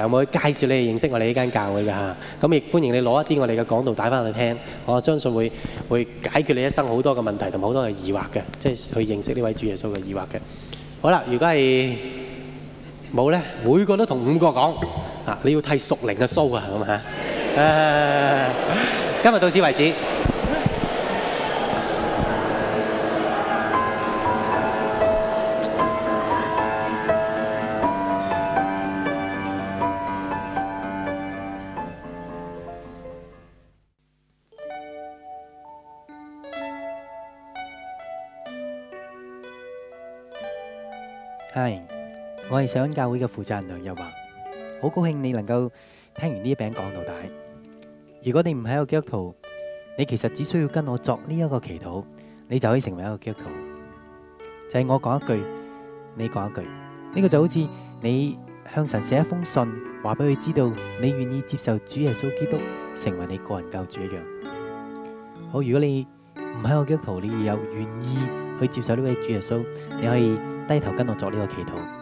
場會介紹你哋認識我哋呢間教會㗎嚇，咁亦歡迎你攞一啲我哋嘅講道帶翻去聽，我相信會會解決你一生好多嘅問題同埋好多嘅疑惑嘅，即係去認識呢位主耶穌嘅疑惑嘅。好啦，如果係冇咧，每個都同五個講啊，你要剃屬靈嘅鬚啊咁嚇。今日到此為止。我係上恩教會嘅負責人梁日華，好高興你能夠聽完呢一餅講道帶。如果你唔係一個基督徒，你其實只需要跟我作呢一個祈禱，你就可以成為一個基督徒。就係我講一句，你講一句，呢個就好似你向神寫一封信，話俾佢知道你願意接受主耶穌基督成為你個人救主一樣。好，如果你唔係一個基督徒，你又願意去接受呢位主耶穌，你可以低頭跟我作呢個祈禱。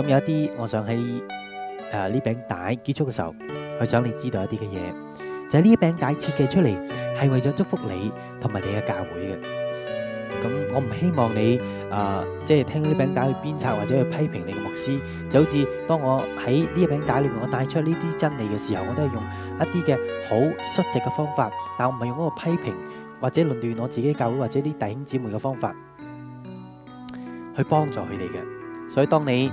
咁有一啲，我想喺誒呢餅帶結束嘅時候，佢想你知道一啲嘅嘢，就係、是、呢餅帶設計出嚟，係為咗祝福你同埋你嘅教會嘅。咁我唔希望你誒即係聽呢餅帶去鞭策或者去批評你嘅牧師，就好似當我喺呢一餅帶裏面我帶出呢啲真理嘅時候，我都係用一啲嘅好率直嘅方法，但我唔係用嗰個批評或者論斷我自己教會或者啲弟兄姊妹嘅方法去幫助佢哋嘅。所以當你，